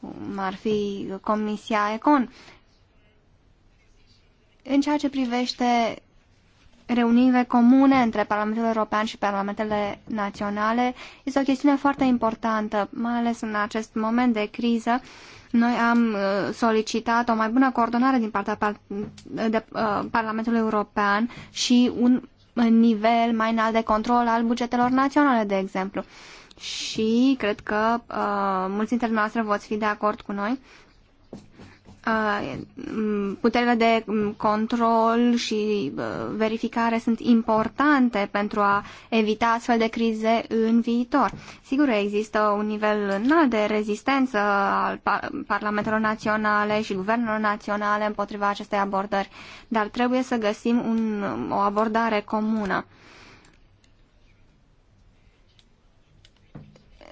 cum ar fi Comisia Econ. În ceea ce privește reunirile comune între Parlamentul European și Parlamentele Naționale, este o chestiune foarte importantă, mai ales în acest moment de criză. Noi am uh, solicitat o mai bună coordonare din partea de uh, Parlamentului European și un nivel mai înalt de control al bugetelor naționale, de exemplu. Și cred că uh, mulți dintre noastre voți fi de acord cu noi puterile de control și uh, verificare sunt importante pentru a evita astfel de crize în viitor. Sigur, există un nivel înalt de rezistență al parlamentelor naționale și guvernelor naționale împotriva acestei abordări, dar trebuie să găsim un, o abordare comună.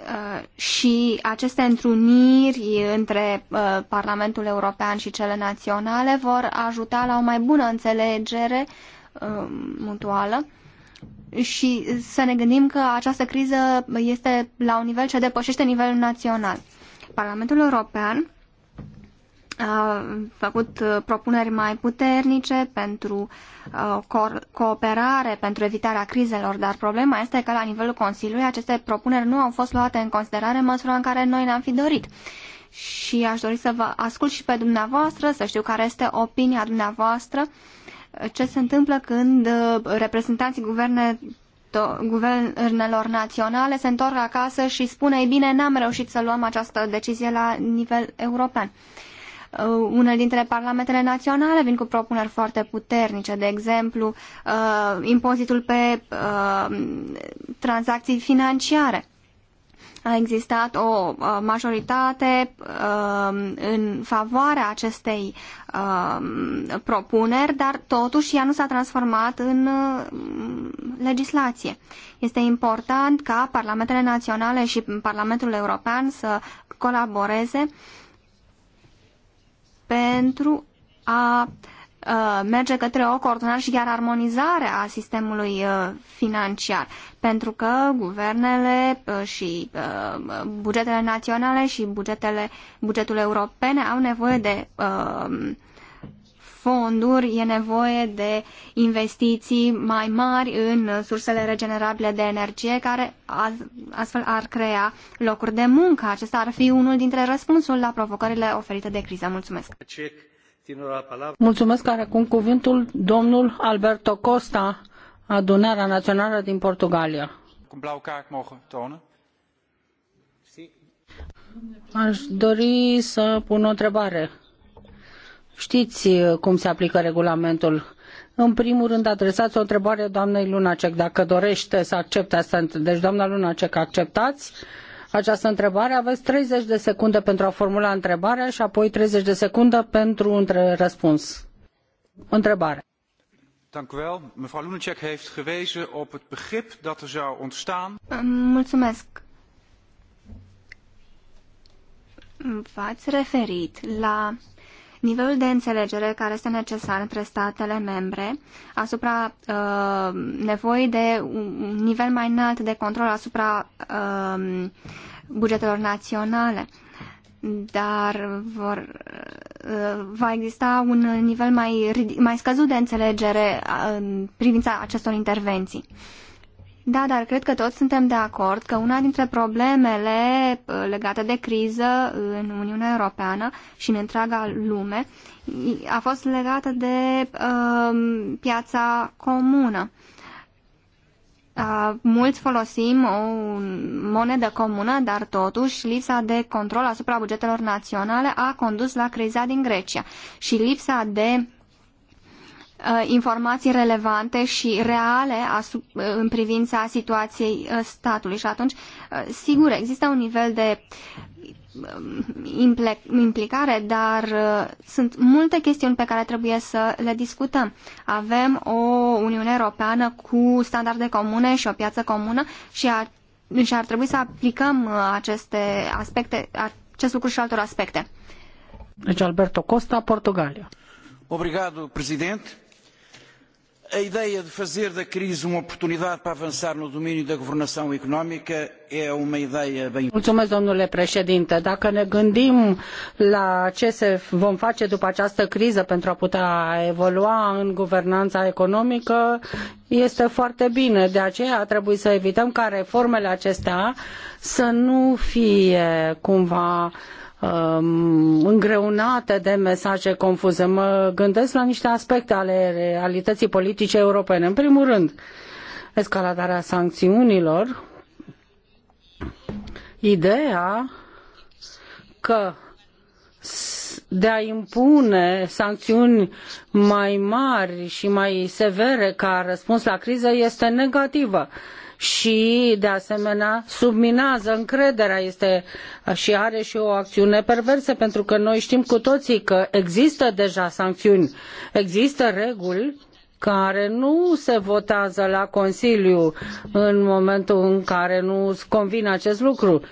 Uh, și aceste întruniri între uh, Parlamentul European și cele naționale vor ajuta la o mai bună înțelegere uh, mutuală și să ne gândim că această criză este la un nivel ce depășește nivelul național. Parlamentul European făcut uh, propuneri mai puternice pentru uh, cooperare, pentru evitarea crizelor, dar problema este că la nivelul Consiliului aceste propuneri nu au fost luate în considerare în măsura în care noi ne-am fi dorit. Și aș dori să vă ascult și pe dumneavoastră, să știu care este opinia dumneavoastră, ce se întâmplă când uh, reprezentanții guverne guvernelor naționale se întorc acasă și spune, ei bine, n-am reușit să luăm această decizie la nivel european. Uh, unele dintre parlamentele naționale vin cu propuneri foarte puternice, de exemplu, uh, impozitul pe uh, tranzacții financiare. A existat o majoritate în favoarea acestei propuneri, dar totuși ea nu s-a transformat în legislație. Este important ca parlamentele naționale și Parlamentul European să colaboreze uh, pentru a merge către o coordonare și chiar armonizare a sistemului financiar, pentru că guvernele și bugetele naționale și bugetele, bugetul europene au nevoie de fonduri, e nevoie de investiții mai mari în sursele regenerabile de energie, care astfel ar crea locuri de muncă. Acesta ar fi unul dintre răspunsul la provocările oferite de criză. Mulțumesc! Mulțumesc, are acum cuvântul domnul Alberto Costa, adunarea națională din Portugalia. Aș dori să pun o întrebare. Știți uh, cum se aplică regulamentul. În primul rând, adresați o întrebare doamnei Lunacek, dacă dorește să accepte asta. Deci, doamna Lunacek, acceptați această întrebare? Aveți 30 de secunde pentru a formula întrebarea și apoi 30 de secunde pentru între răspuns. Întrebare. Er ehm, mulțumesc. V-ați referit la Nivelul de înțelegere care este necesar între statele membre asupra uh, nevoii de un nivel mai înalt de control asupra uh, bugetelor naționale dar vor, uh, va exista un nivel mai, mai scăzut de înțelegere uh, în privința acestor intervenții. Da, dar cred că toți suntem de acord că una dintre problemele uh, legate de criză în Uniunea Europeană și în întreaga lume a fost legată de uh, piața comună. Uh, mulți folosim o monedă comună, dar totuși lipsa de control asupra bugetelor naționale a condus la criza din Grecia și lipsa de Uh, informații relevante și reale uh, în privința situației uh, statului. Și atunci, sigur, există un nivel de um, implicare, dar sunt multe chestiuni pe care trebuie să le discutăm. Avem o Uniune Europeană cu standarde comune și o piață comună și ar, și deci ar trebui să aplicăm aceste aspecte, acest lucru și altor aspecte. Deci Alberto Costa, Portugalia. Obrigado, presidente. A ideia de fazer da crise uma oportunidade para avançar no domínio da governação económica é uma idee bem... Mulțumesc, domnule președinte. Dacă ne gândim la ce se vom face după această criză pentru a putea evolua în guvernanța economică, este foarte bine. De aceea trebuie să evităm ca reformele acestea să nu fie cumva uh, îngreunată um, îngreunate de mesaje confuze. Mă gândesc la niște aspecte ale realității politice europene. În primul rând, escaladarea sancțiunilor, ideea că de a impune sancțiuni mai mari și mai severe ca răspuns la criză este negativă. Uh, și, de asemenea, subminează încrederea este și are și o acțiune perversă, pentru că noi știm cu toții că există deja sancțiuni, există reguli care nu se votează la Consiliu în momentul în care nu convine acest lucru.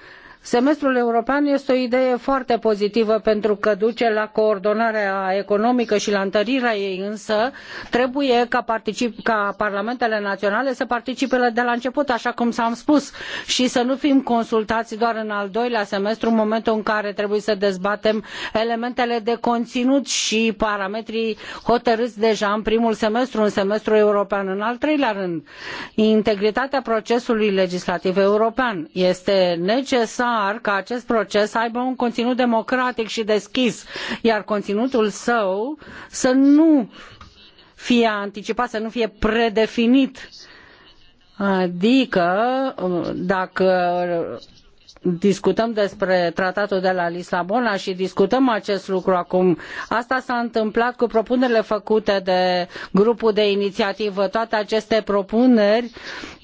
Semestrul european este o idee foarte pozitivă pentru că duce la coordonarea economică și la întărirea ei, însă trebuie ca, particip, ca parlamentele naționale să participe de la început, așa cum s-am spus, și să nu fim consultați doar în al doilea semestru, în momentul în care trebuie să dezbatem elementele de conținut și parametrii hotărâți deja în primul semestru, în semestrul european. În al treilea rând, integritatea procesului legislativ european este necesară clar ca acest proces să aibă un conținut democratic și deschis, iar conținutul său să nu fie anticipat, să nu fie predefinit Adică, dacă discutăm despre tratatul de la Lisabona și discutăm acest lucru acum. Asta s-a întâmplat cu propunerile făcute de grupul de inițiativă. Toate aceste propuneri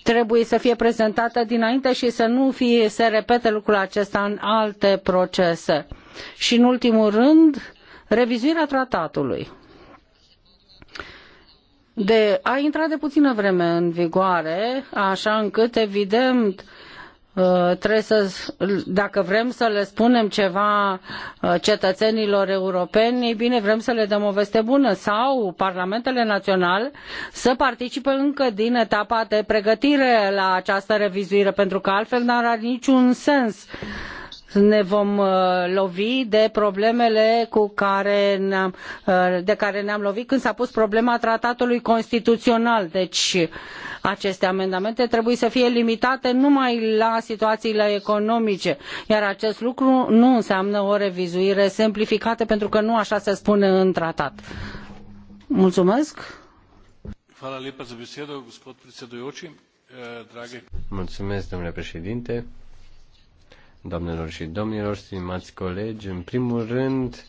trebuie să fie prezentate dinainte și să nu fie, se repete lucrul acesta în alte procese. Și în ultimul rând, revizuirea tratatului. De, a intrat de puțină vreme în vigoare, așa încât, evident, uh, Uh, trebuie să, dacă vrem să le spunem ceva uh, cetățenilor europeni, ei bine, vrem să le dăm o veste bună sau parlamentele naționale să participe încă din etapa de pregătire la această revizuire, pentru că altfel n-ar niciun sens. Uh, ne vom uh, lovi de problemele cu care ne-am, uh, de care ne-am lovit când s-a pus problema tratatului constituțional. Deci aceste amendamente trebuie să fie limitate numai la situațiile economice, iar acest lucru nu înseamnă o revizuire simplificată pentru că nu așa se spune în tratat. Mulțumesc. Eh, Mulțumesc, domnule președinte doamnelor și domnilor, stimați colegi. În primul rând,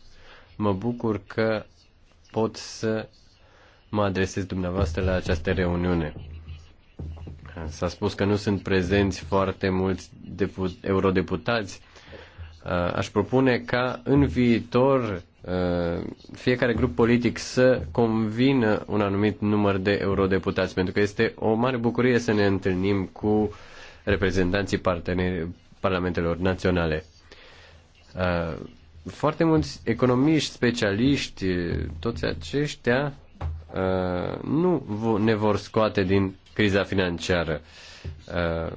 mă bucur că pot să mă adresez dumneavoastră la această reuniune. S-a spus că nu sunt prezenți foarte mulți eurodeputați. Uh, aș propune ca în viitor uh, fiecare grup politic să convină un anumit număr de eurodeputați, pentru că este o mare bucurie să ne întâlnim cu reprezentanții parlamentelor naționale. Uh, foarte mulți economiști, specialiști, toți aceștia uh, nu ne vor scoate din criza financiară. Uh,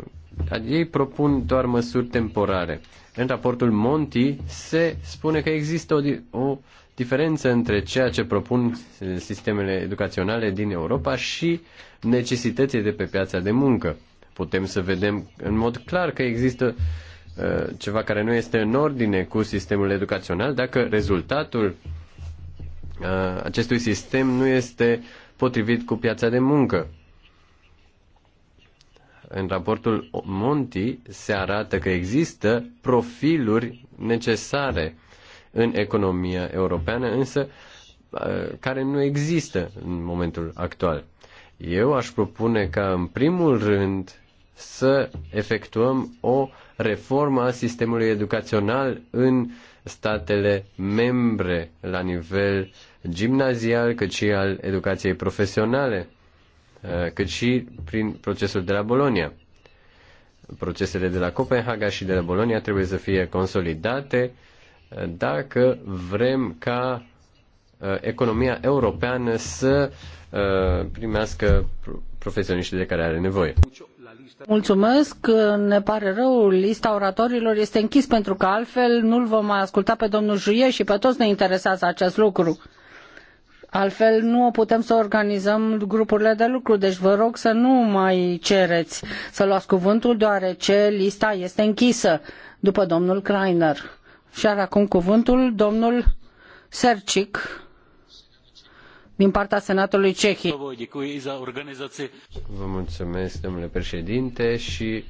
ei propun doar măsuri temporare. În raportul Monti se spune că există o, o diferență între ceea ce propun sistemele educaționale din Europa și necesitățile de pe piața de muncă putem să vedem în mod clar că există uh, ceva care nu este în ordine cu sistemul educațional, dacă rezultatul uh, acestui sistem nu este potrivit cu piața de muncă. În raportul Monti se arată că există profiluri necesare în economia europeană, însă uh, care nu există în momentul actual. Eu aș propune ca în primul rând să efectuăm o reformă a sistemului educațional în statele membre la nivel gimnazial, cât și al educației profesionale, uh, cât și prin procesul de la Bolonia. Procesele de la Copenhaga și de la Bolonia trebuie să fie consolidate uh, dacă vrem ca uh, economia europeană să primească profesioniștii de care are nevoie. Mulțumesc, ne pare rău, lista oratorilor este închis pentru că altfel nu-l vom mai asculta pe domnul Juie și pe toți ne interesează acest lucru. Altfel nu putem să organizăm grupurile de lucru, deci vă rog să nu mai cereți să luați cuvântul, deoarece lista este închisă după domnul Kreiner. Și are acum cuvântul domnul Sercic din partea Senatului Cehiei. Vă mulțumesc, domnule președinte, și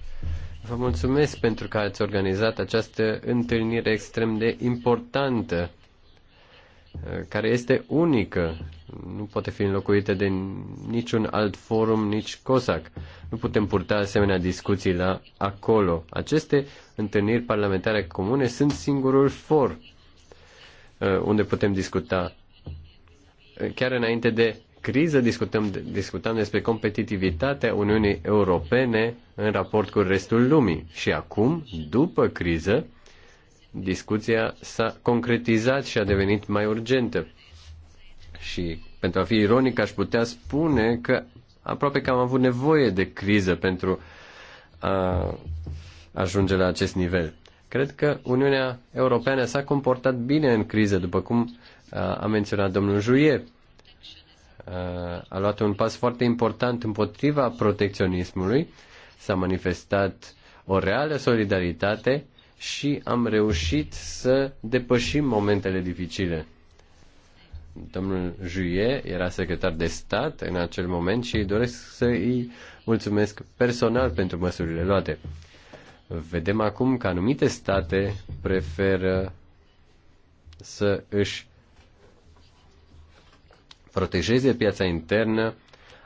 vă mulțumesc pentru că ați organizat această întâlnire extrem de importantă, care este unică. Nu poate fi înlocuită de niciun alt forum, nici COSAC. Nu putem purta asemenea discuții la acolo. Aceste întâlniri parlamentare comune sunt singurul for uh, unde putem discuta chiar înainte de criză discutăm, discutam despre competitivitatea Uniunii Europene în raport cu restul lumii. Și acum, după criză, discuția s-a concretizat și a devenit mai urgentă. Și pentru a fi ironic, aș putea spune că aproape că am avut nevoie de criză pentru a ajunge la acest nivel. Cred că Uniunea Europeană s-a comportat bine în criză, după cum a menționat domnul Juie. A luat un pas foarte important împotriva protecționismului, s-a manifestat o reală solidaritate și am reușit să depășim momentele dificile. Domnul Juie era secretar de stat în acel moment și doresc să îi mulțumesc personal pentru măsurile luate. Vedem acum că anumite state preferă să își protejeze piața internă,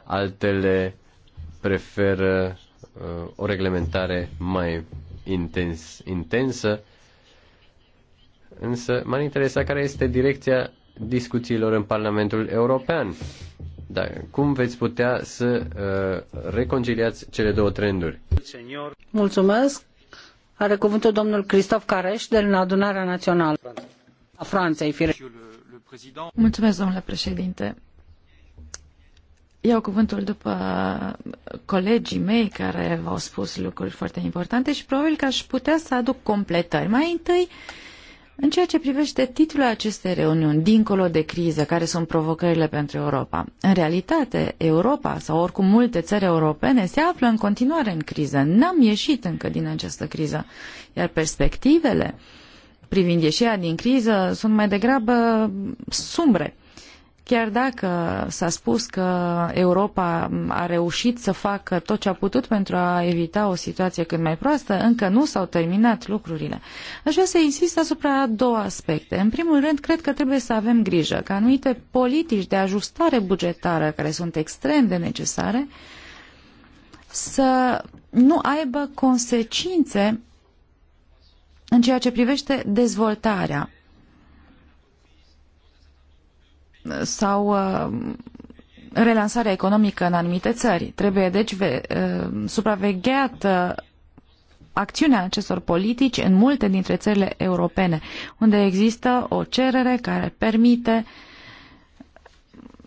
altele preferă uh, o reglementare mai intens, intensă, însă m-ar interesa care este direcția discuțiilor în Parlamentul European. Da, cum veți putea să uh, reconciliați cele două trenduri? Mulțumesc. Are cuvântul domnul Cristof Careș de la Adunarea Națională a Franței, fire domnule președinte. Iau cuvântul după colegii mei care v-au spus lucruri foarte importante și probabil că aș putea să aduc completări. Mai întâi, în ceea ce privește titlul acestei reuniuni, dincolo de criză, care sunt provocările pentru Europa? În realitate, Europa sau oricum multe țări europene se află în continuare în criză. N-am ieșit încă din această criză. Iar perspectivele uh, privind ieșirea din criză sunt mai degrabă sumbre. Chiar dacă s-a spus că Europa a reușit să facă tot ce a putut pentru a evita o situație cât mai proastă, încă nu s-au terminat lucrurile. Aș vrea să insist asupra două aspecte. În primul rând, cred că trebuie să avem grijă că anumite politici de ajustare bugetară, care sunt extrem de necesare, să nu aibă consecințe în ceea ce privește dezvoltarea sau uh, relansarea economică în anumite țări, trebuie deci uh, supravegheată acțiunea acestor politici în multe dintre țările europene, unde există o cerere care permite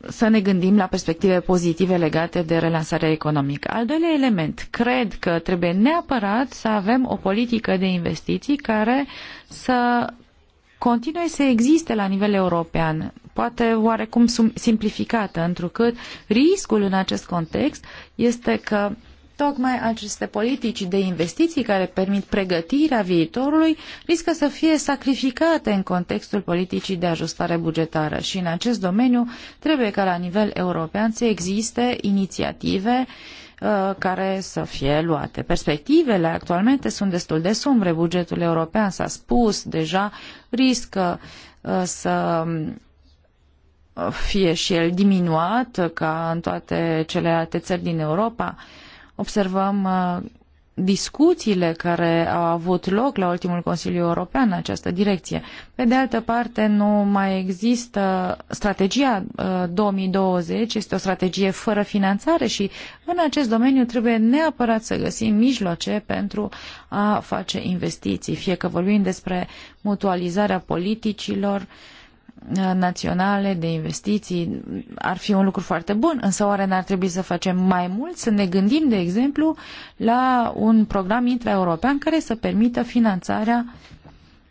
să ne gândim la perspective pozitive legate de relansarea economică. Al doilea element, cred că trebuie neapărat să avem o politică de investiții care să continue să existe la nivel european, poate oarecum simplificată, întrucât riscul în acest context este că tocmai aceste politici de investiții care permit pregătirea viitorului riscă să fie sacrificate în contextul politicii de ajustare bugetară și în acest domeniu trebuie ca la nivel european să existe inițiative uh, care să fie luate. Perspectivele actualmente sunt destul de sumbre. Bugetul european s-a spus deja, riscă uh, să uh, fie și el diminuat ca în toate celelalte țări din Europa observăm uh, discuțiile care au avut loc la ultimul Consiliu European în această direcție. Pe de altă parte, nu mai există strategia 2020, uh, este o strategie fără finanțare și în acest domeniu trebuie neapărat să găsim mijloace pentru a face investiții, fie că vorbim despre mutualizarea politicilor, uh, naționale de investiții ar fi un lucru foarte bun, însă oare n-ar trebui să facem mai mult, să ne gândim, de exemplu, la un program intraeuropean care să permită finanțarea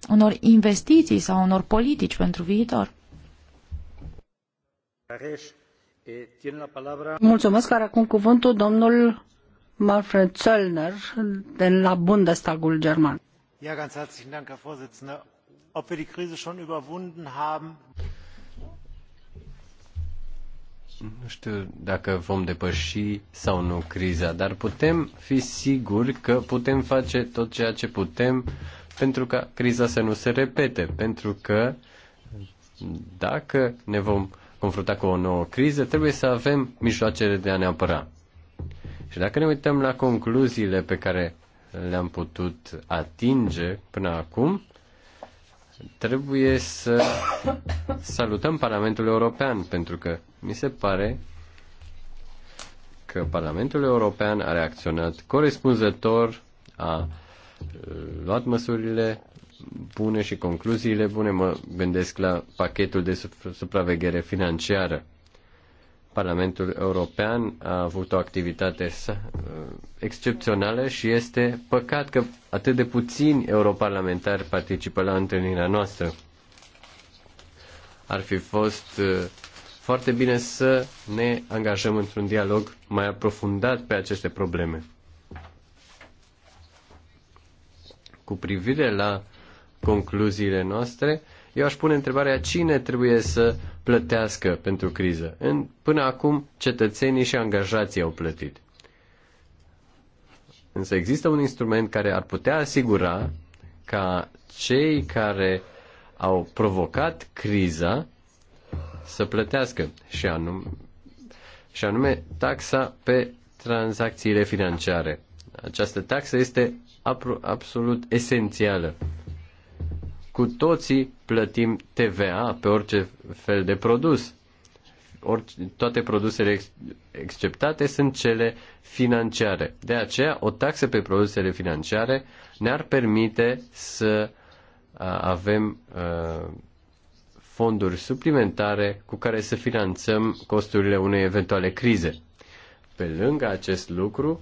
unor investiții sau unor politici pentru viitor? Mulțumesc, are acum cuvântul domnul Manfred Zöllner de la Bundestagul German ob wir die Krise schon überwunden haben. Nu știu dacă vom depăși sau nu criza, dar putem fi siguri că putem face tot ceea ce putem pentru ca criza să nu se repete, pentru că dacă ne vom confrunta cu o nouă criză, trebuie să avem mijloacele de a ne apăra. Și dacă ne uităm la concluziile pe care le-am putut atinge până acum, trebuie să salutăm Parlamentul European, pentru că mi se pare că Parlamentul European a reacționat corespunzător, a uh, luat măsurile bune și concluziile bune. Mă gândesc la pachetul de supraveghere financiară. Parlamentul European a avut o activitate uh, excepțională și este păcat că atât de puțini europarlamentari participă la întâlnirea noastră. Ar fi fost uh, foarte bine să ne angajăm într-un dialog mai aprofundat pe aceste probleme. Cu privire la concluziile noastre, eu aș pune întrebarea cine trebuie să plătească pentru criză. În, până acum, cetățenii și angajații au plătit. Însă există un instrument care ar putea asigura ca cei care au provocat criza să plătească și anume, și anume taxa pe tranzacțiile financiare. Această taxă este absolut esențială cu toții plătim TVA pe orice fel de produs. Orice, toate produsele ex, exceptate sunt cele financiare. De aceea, o taxă pe produsele financiare ne-ar permite să avem a, fonduri suplimentare cu care să finanțăm costurile unei eventuale crize. Pe lângă acest lucru,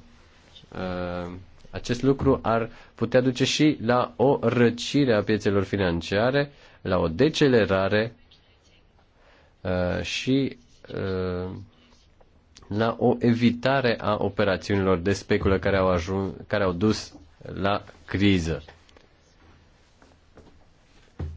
acest lucru ar putea duce și la o răcire a piețelor financiare, la o decelerare uh, și uh, la o evitare a operațiunilor de speculă care au, ajuns, care au dus la criză.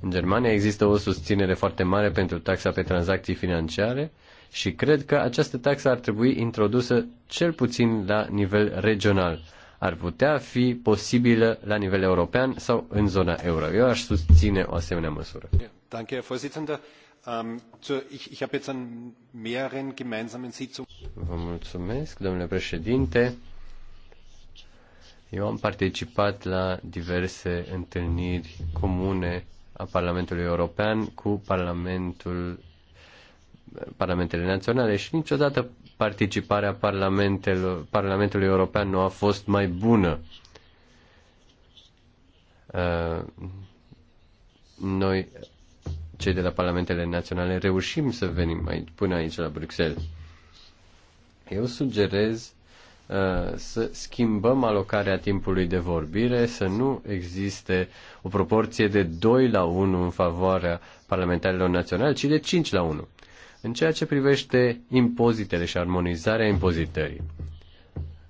În Germania există o susținere foarte mare pentru taxa pe tranzacții financiare și cred că această taxă ar trebui introdusă cel puțin la nivel regional ar putea fi posibilă la nivel european sau în zona euro. Eu aș susține o asemenea măsură. Ähm, Vă mulțumesc, domnule președinte. Eu am participat la diverse întâlniri comune a Parlamentului European cu Parlamentul Parlamentele Naționale și niciodată participarea parlamentelor, Parlamentului European nu a fost mai bună. Uh, noi, cei de la Parlamentele Naționale, reușim să venim mai până aici la Bruxelles. Eu sugerez uh, să schimbăm alocarea timpului de vorbire, să nu existe o proporție de 2 la 1 în favoarea parlamentarilor naționale, ci de 5 la 1. În ceea ce privește impozitele și armonizarea impozitării,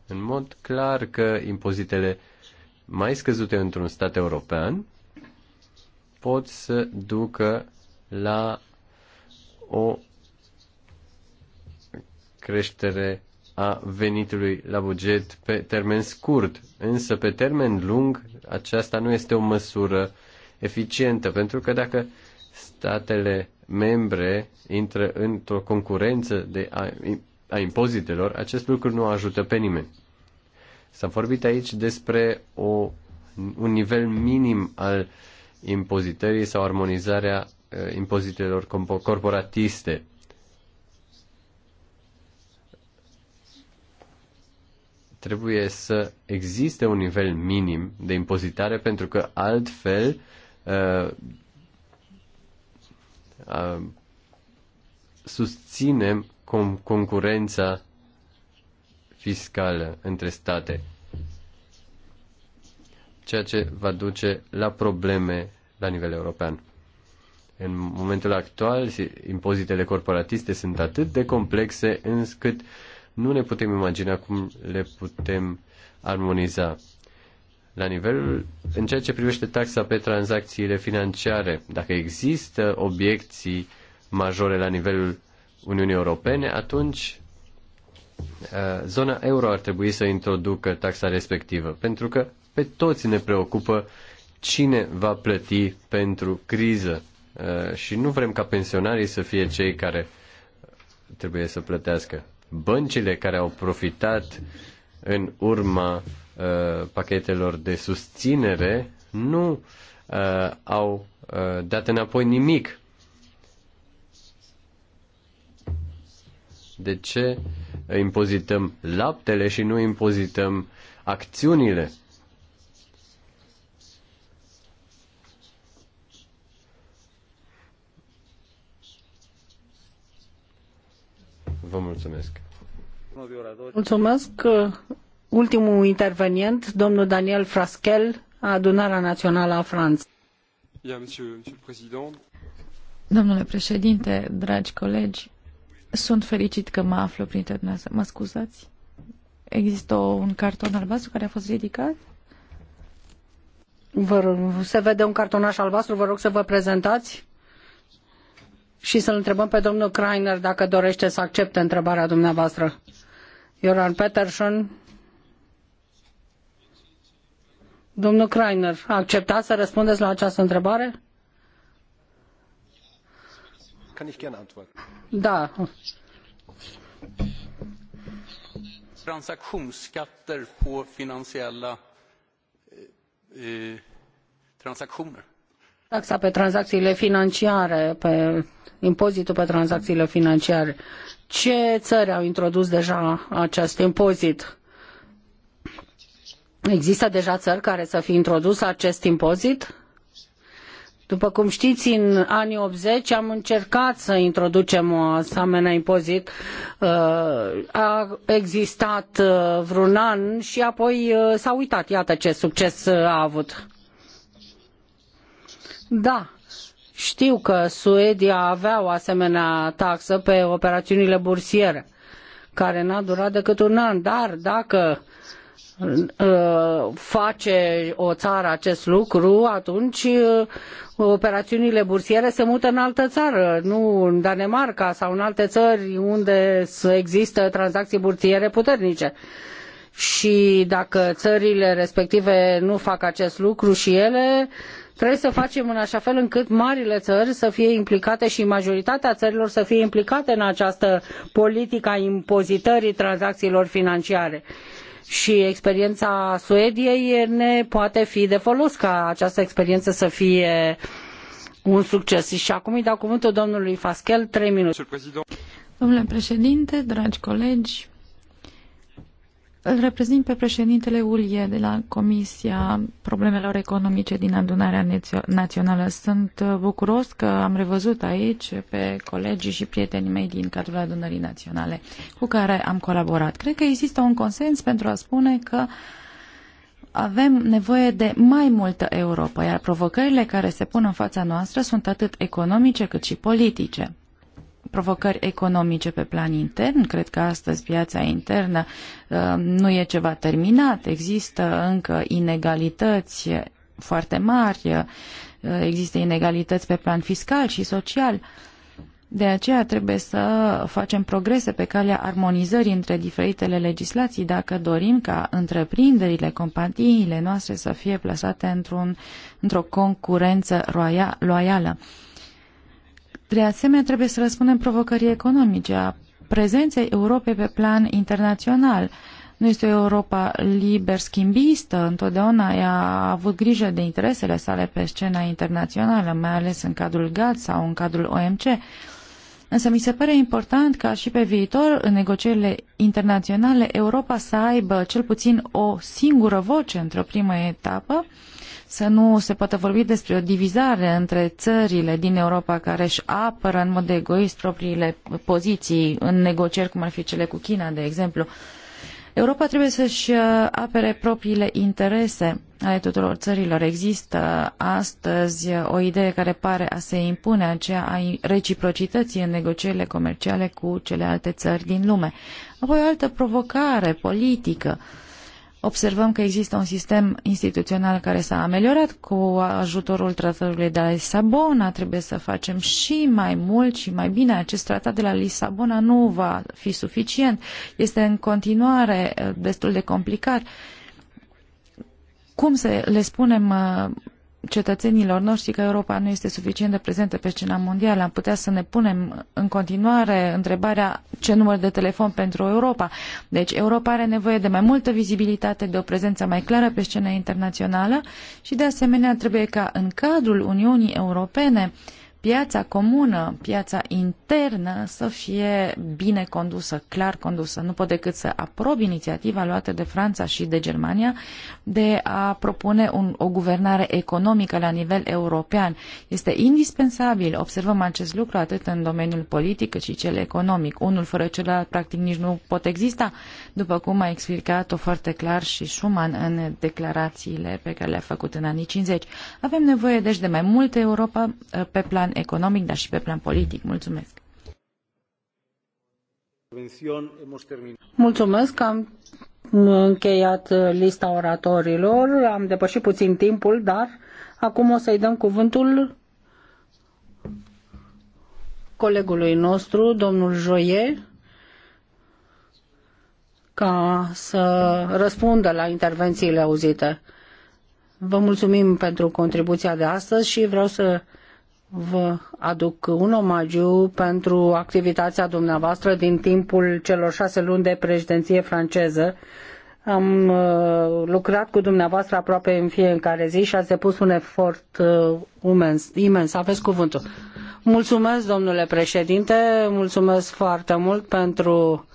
în mod clar că impozitele mai scăzute într-un stat european pot să ducă la o creștere a venitului la buget pe termen scurt, însă pe termen lung aceasta nu este o măsură eficientă, pentru că dacă statele membre intră într-o concurență de a, a impozitelor, acest lucru nu ajută pe nimeni. S-a vorbit aici despre o, un nivel minim al impozitării sau armonizarea uh, impozitelor corporatiste. Trebuie să existe un nivel minim de impozitare pentru că altfel uh, Uh, susținem concurența fiscală între state, ceea ce va duce la probleme la nivel european. În momentul actual, impozitele corporatiste sunt atât de complexe încât nu ne putem imagina cum le putem armoniza la nivelul, în ceea ce privește taxa pe tranzacțiile financiare, dacă există obiecții majore la nivelul Uniunii Europene, atunci uh, zona euro ar trebui să introducă taxa respectivă, pentru că pe toți ne preocupă cine va plăti pentru criză uh, și nu vrem ca pensionarii să fie cei care trebuie să plătească. Băncile care au profitat în urma Uh, pachetelor de susținere nu uh, au uh, dat înapoi nimic. De ce impozităm laptele și nu impozităm acțiunile? Vă mulțumesc. Mulțumesc ultimul intervenient, domnul Daniel Fraschel, Adunarea Națională a Franței. Domnule președinte, dragi colegi, sunt fericit că mă aflu printre dumneavoastră. Mă scuzați? Există un carton albastru care a fost ridicat? Vă rog, se vede un cartonaș albastru, vă rog să vă prezentați și să-l întrebăm pe domnul Kreiner dacă dorește să accepte întrebarea dumneavoastră. Ioran Peterson, Domnul Kreiner, acceptați să răspundeți la această întrebare? Da. Transaktionsskatter på finansiella eh, eh, transaktioner. Taxa pe tranzacțiile financiare, pe impozitul pe tranzacțiile financiare. Ce țări au introdus deja acest impozit? Există deja țări care să fi introdus acest impozit? După cum știți, în anii 80 am încercat să introducem o asemenea impozit. Uh, a existat uh, vreun an și apoi uh, s-a uitat. Iată ce succes a avut. Da, știu că Suedia avea o asemenea taxă pe operațiunile bursiere, care n-a durat decât un an, dar dacă uh, Uh, face o țară acest lucru, atunci uh, operațiunile bursiere se mută în altă țară, nu în Danemarca sau în alte țări unde există tranzacții bursiere puternice. Și dacă țările respective nu fac acest lucru și ele, trebuie să facem în așa fel încât marile țări să fie implicate și majoritatea țărilor să fie implicate în această politică a impozitării tranzacțiilor financiare și experiența Suediei ne poate fi de folos ca această experiență să fie un succes. Și acum îi dau cuvântul domnului Fasquel, trei minute. Domnule președinte, dragi colegi, îl reprezint pe președintele Ulie de la Comisia Problemelor Economice din Adunarea Națională. Sunt uh, bucuros că am revăzut aici pe colegii și prietenii mei din cadrul Adunării Naționale cu care am colaborat. Cred că există un consens pentru a spune că avem nevoie de mai multă Europa, iar provocările care se pun în fața noastră sunt atât economice cât și politice provocări economice pe plan intern. Cred că astăzi piața internă uh, nu e ceva terminat. Există încă inegalități foarte mari, uh, există inegalități pe plan fiscal și social. De aceea trebuie să facem progrese pe calea armonizării între diferitele legislații dacă dorim ca întreprinderile, companiile noastre să fie plasate într într-o concurență roia, loială. De asemenea, trebuie să răspundem provocării economice, a prezenței Europei pe plan internațional. Nu este o Europa liber schimbistă, întotdeauna ea a avut grijă de interesele sale pe scena internațională, mai ales în cadrul GATT sau în cadrul OMC. Însă mi se pare important ca și pe viitor, în negocierile internaționale, Europa să aibă cel puțin o singură voce într-o primă etapă, uh, să nu se poată vorbi despre o divizare între țările din Europa care își apără în mod egoist propriile poziții în negocieri, cum ar fi cele cu China, de exemplu. Europa trebuie să-și uh, apere propriile interese ale tuturor țărilor. Există uh, astăzi uh, o idee care pare a se impune, aceea a reciprocității în negocierile comerciale cu celelalte țări din lume. Apoi o altă provocare politică. Uh, observăm că există un sistem instituțional care s-a ameliorat cu ajutorul tratatului de la Lisabona. Trebuie să facem și mai mult și mai bine. Acest tratat de la Lisabona nu va fi suficient. Este în continuare eh, destul de complicat. Cum să le spunem eh, cetățenilor noștri că Europa nu este suficient de prezentă pe scena mondială. Am putea să ne punem în continuare întrebarea ce număr de telefon pentru Europa. Deci Europa are nevoie de mai multă vizibilitate, de o prezență mai clară pe scena internațională și de asemenea trebuie ca în cadrul Uniunii Europene piața comună, piața internă să fie bine condusă, clar condusă. Nu pot decât să aprob inițiativa luată de Franța și de Germania de a propune un, o guvernare economică la nivel european. Este indispensabil, observăm acest lucru atât în domeniul politic cât și cel economic. Unul fără celălalt practic nici nu pot exista, după cum a explicat-o foarte clar și Schumann în declarațiile pe care le-a făcut în anii 50. Avem nevoie deci de mai multă Europa pe plan economic, dar și pe plan politic. Mulțumesc! Mulțumesc că am încheiat lista oratorilor. Am depășit puțin timpul, dar acum o să-i dăm cuvântul colegului nostru, domnul Joie, ca să răspundă la intervențiile auzite. Vă mulțumim pentru contribuția de astăzi și vreau să vă aduc un omagiu pentru activitatea dumneavoastră din timpul celor șase luni de președinție franceză. Am uh, lucrat cu dumneavoastră aproape în fiecare zi și ați depus un efort imens. Uh, imens. Aveți cuvântul. Mulțumesc, domnule președinte, mulțumesc foarte mult pentru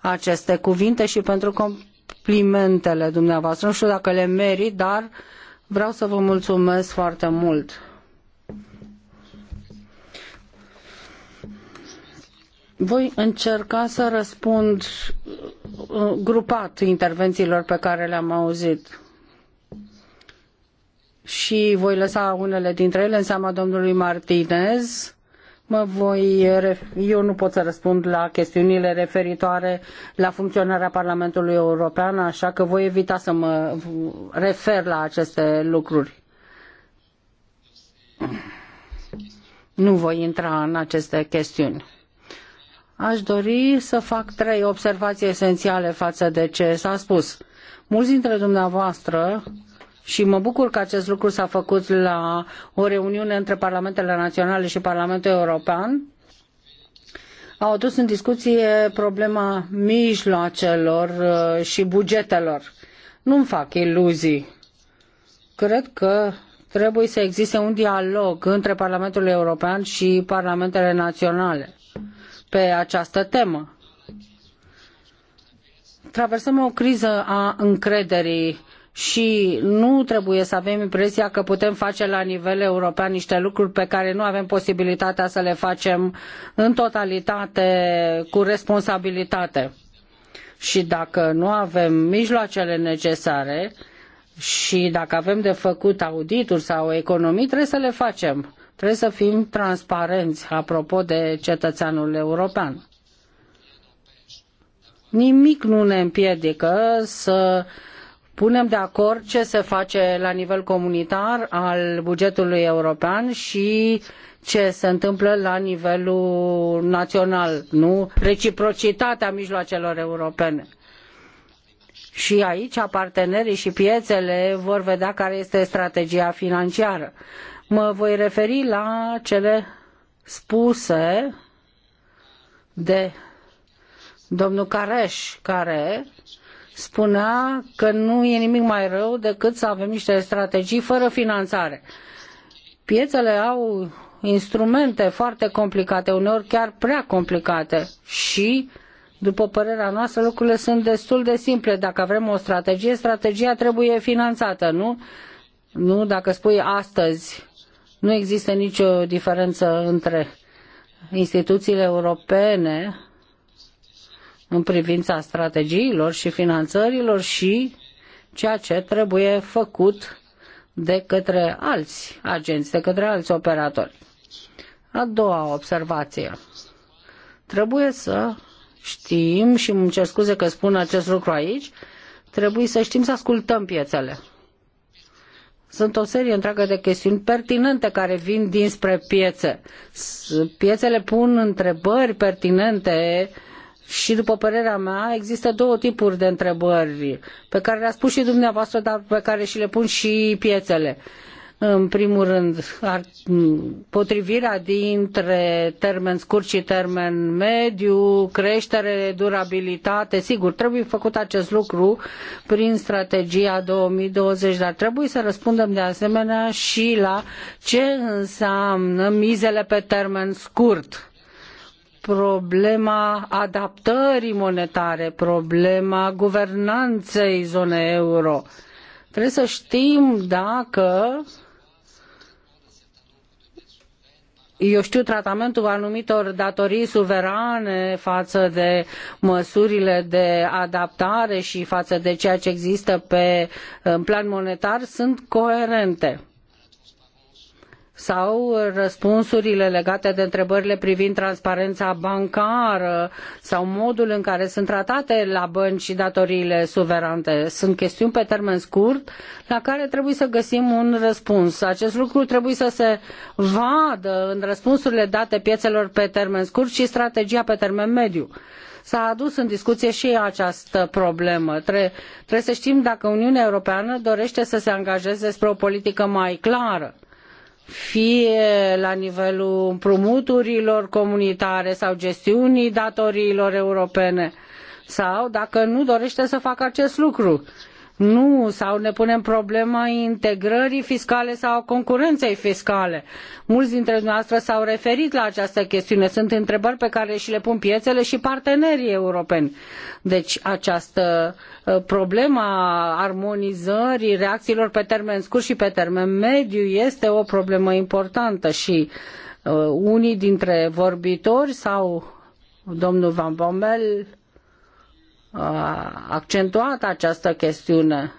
aceste cuvinte și pentru complimentele dumneavoastră. Nu știu dacă le merit, dar vreau să vă mulțumesc foarte mult Voi încerca să răspund uh, grupat intervențiilor pe care le-am auzit și voi lăsa unele dintre ele în seama domnului Martinez. Mă voi, eu nu pot să răspund la chestiunile referitoare la funcționarea Parlamentului European, așa că voi evita să mă refer la aceste lucruri. Nu voi intra în aceste chestiuni. Aș dori să fac trei observații esențiale față de ce s-a spus. Mulți dintre dumneavoastră și mă bucur că acest lucru s-a făcut la o reuniune între Parlamentele Naționale și Parlamentul European, au adus în discuție problema mijloacelor uh, și bugetelor. Nu-mi fac iluzii. Cred că trebuie să existe un dialog între Parlamentul European și Parlamentele Naționale pe această temă. Traversăm o criză a încrederii și nu trebuie să avem impresia că putem face la nivel european niște lucruri pe care nu avem posibilitatea să le facem în totalitate cu responsabilitate. Și dacă nu avem mijloacele necesare și dacă avem de făcut audituri sau economii, trebuie să le facem. Trebuie să fim transparenți apropo de cetățeanul european. Nimic nu ne împiedică să punem de acord ce se face la nivel comunitar al bugetului european și ce se întâmplă la nivelul național, nu? Reciprocitatea mijloacelor europene. Și aici partenerii și piețele vor vedea care este strategia financiară. Mă voi referi la cele spuse de domnul Careș, care spunea că nu e nimic mai rău decât să avem niște strategii fără finanțare. Piețele au instrumente foarte complicate, uneori chiar prea complicate și după părerea noastră, lucrurile sunt destul de simple. Dacă vrem o strategie, strategia trebuie finanțată, nu? Nu, dacă spui astăzi nu există nicio diferență între instituțiile europene în privința strategiilor și finanțărilor și ceea ce trebuie făcut de către alți agenți, de către alți operatori. A doua observație. Trebuie să știm, și îmi cer scuze că spun acest lucru aici, trebuie să știm să ascultăm piețele. Sunt o serie întreagă de chestiuni pertinente care vin dinspre piețe. Piețele pun întrebări pertinente și după părerea mea există două tipuri de întrebări pe care le-a spus și dumneavoastră, dar pe care și le pun și piețele. Uh, în primul rând, ar, potrivirea dintre termen scurt și termen mediu, creștere, durabilitate, sigur, trebuie făcut acest lucru prin strategia 2020, dar trebuie să răspundem de asemenea și la ce înseamnă mizele pe termen scurt problema adaptării monetare, problema guvernanței zonei euro. Trebuie să știm dacă eu știu, tratamentul anumitor datorii suverane față de măsurile de adaptare și față de ceea ce există pe, în plan monetar sunt coerente sau răspunsurile legate de întrebările privind transparența bancară sau modul în care sunt tratate la bănci și datoriile suverante. Sunt chestiuni pe termen scurt la care trebuie să găsim un răspuns. Acest lucru trebuie să se vadă în răspunsurile date piețelor pe termen scurt și strategia pe termen mediu s-a adus în discuție și această problemă. Tre trebuie să știm dacă Uniunea Europeană dorește să se angajeze spre o politică mai clară fie la nivelul împrumuturilor comunitare sau gestiunii datoriilor europene sau dacă nu dorește să facă acest lucru. Nu, sau ne punem problema integrării fiscale sau a concurenței fiscale. Mulți dintre dumneavoastră s-au referit la această chestiune. Sunt întrebări pe care și le pun piețele și partenerii europeni. Deci această uh, problemă a armonizării reacțiilor pe termen scurt și pe termen mediu este o problemă importantă și uh, unii dintre vorbitori sau domnul Van Bommel accentuat această chestiune.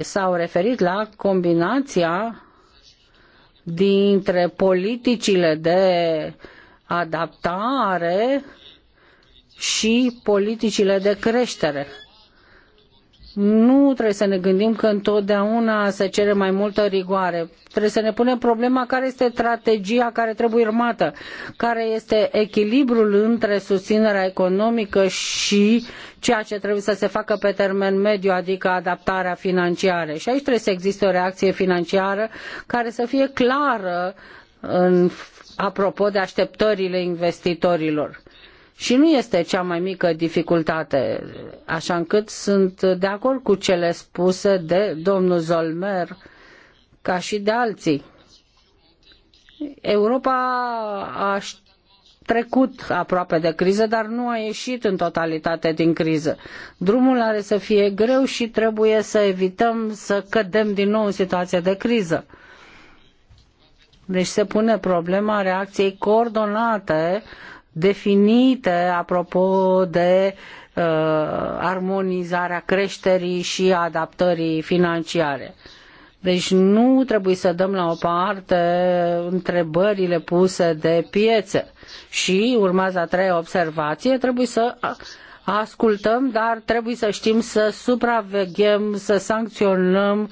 S-au referit la combinația dintre politicile de adaptare și politicile de creștere nu trebuie să ne gândim că întotdeauna se cere mai multă rigoare. Trebuie să ne punem problema care este strategia care trebuie urmată, care este echilibrul între susținerea economică și ceea ce trebuie să se facă pe termen mediu, adică adaptarea financiară. Și aici trebuie să existe o reacție financiară care să fie clară în, apropo de așteptările investitorilor și nu este cea mai mică dificultate, așa încât sunt de acord cu cele spuse de domnul Zolmer ca și de alții. Europa a trecut aproape de criză, dar nu a ieșit în totalitate din criză. Drumul are să fie greu și trebuie să evităm să cădem din nou în situația de criză. Deci se pune problema reacției coordonate definite apropo de uh, armonizarea creșterii și adaptării financiare. Deci nu trebuie să dăm la o parte întrebările puse de piețe. Și urmează a treia observație, trebuie să ascultăm, dar trebuie să știm să supraveghem, să sancționăm uh,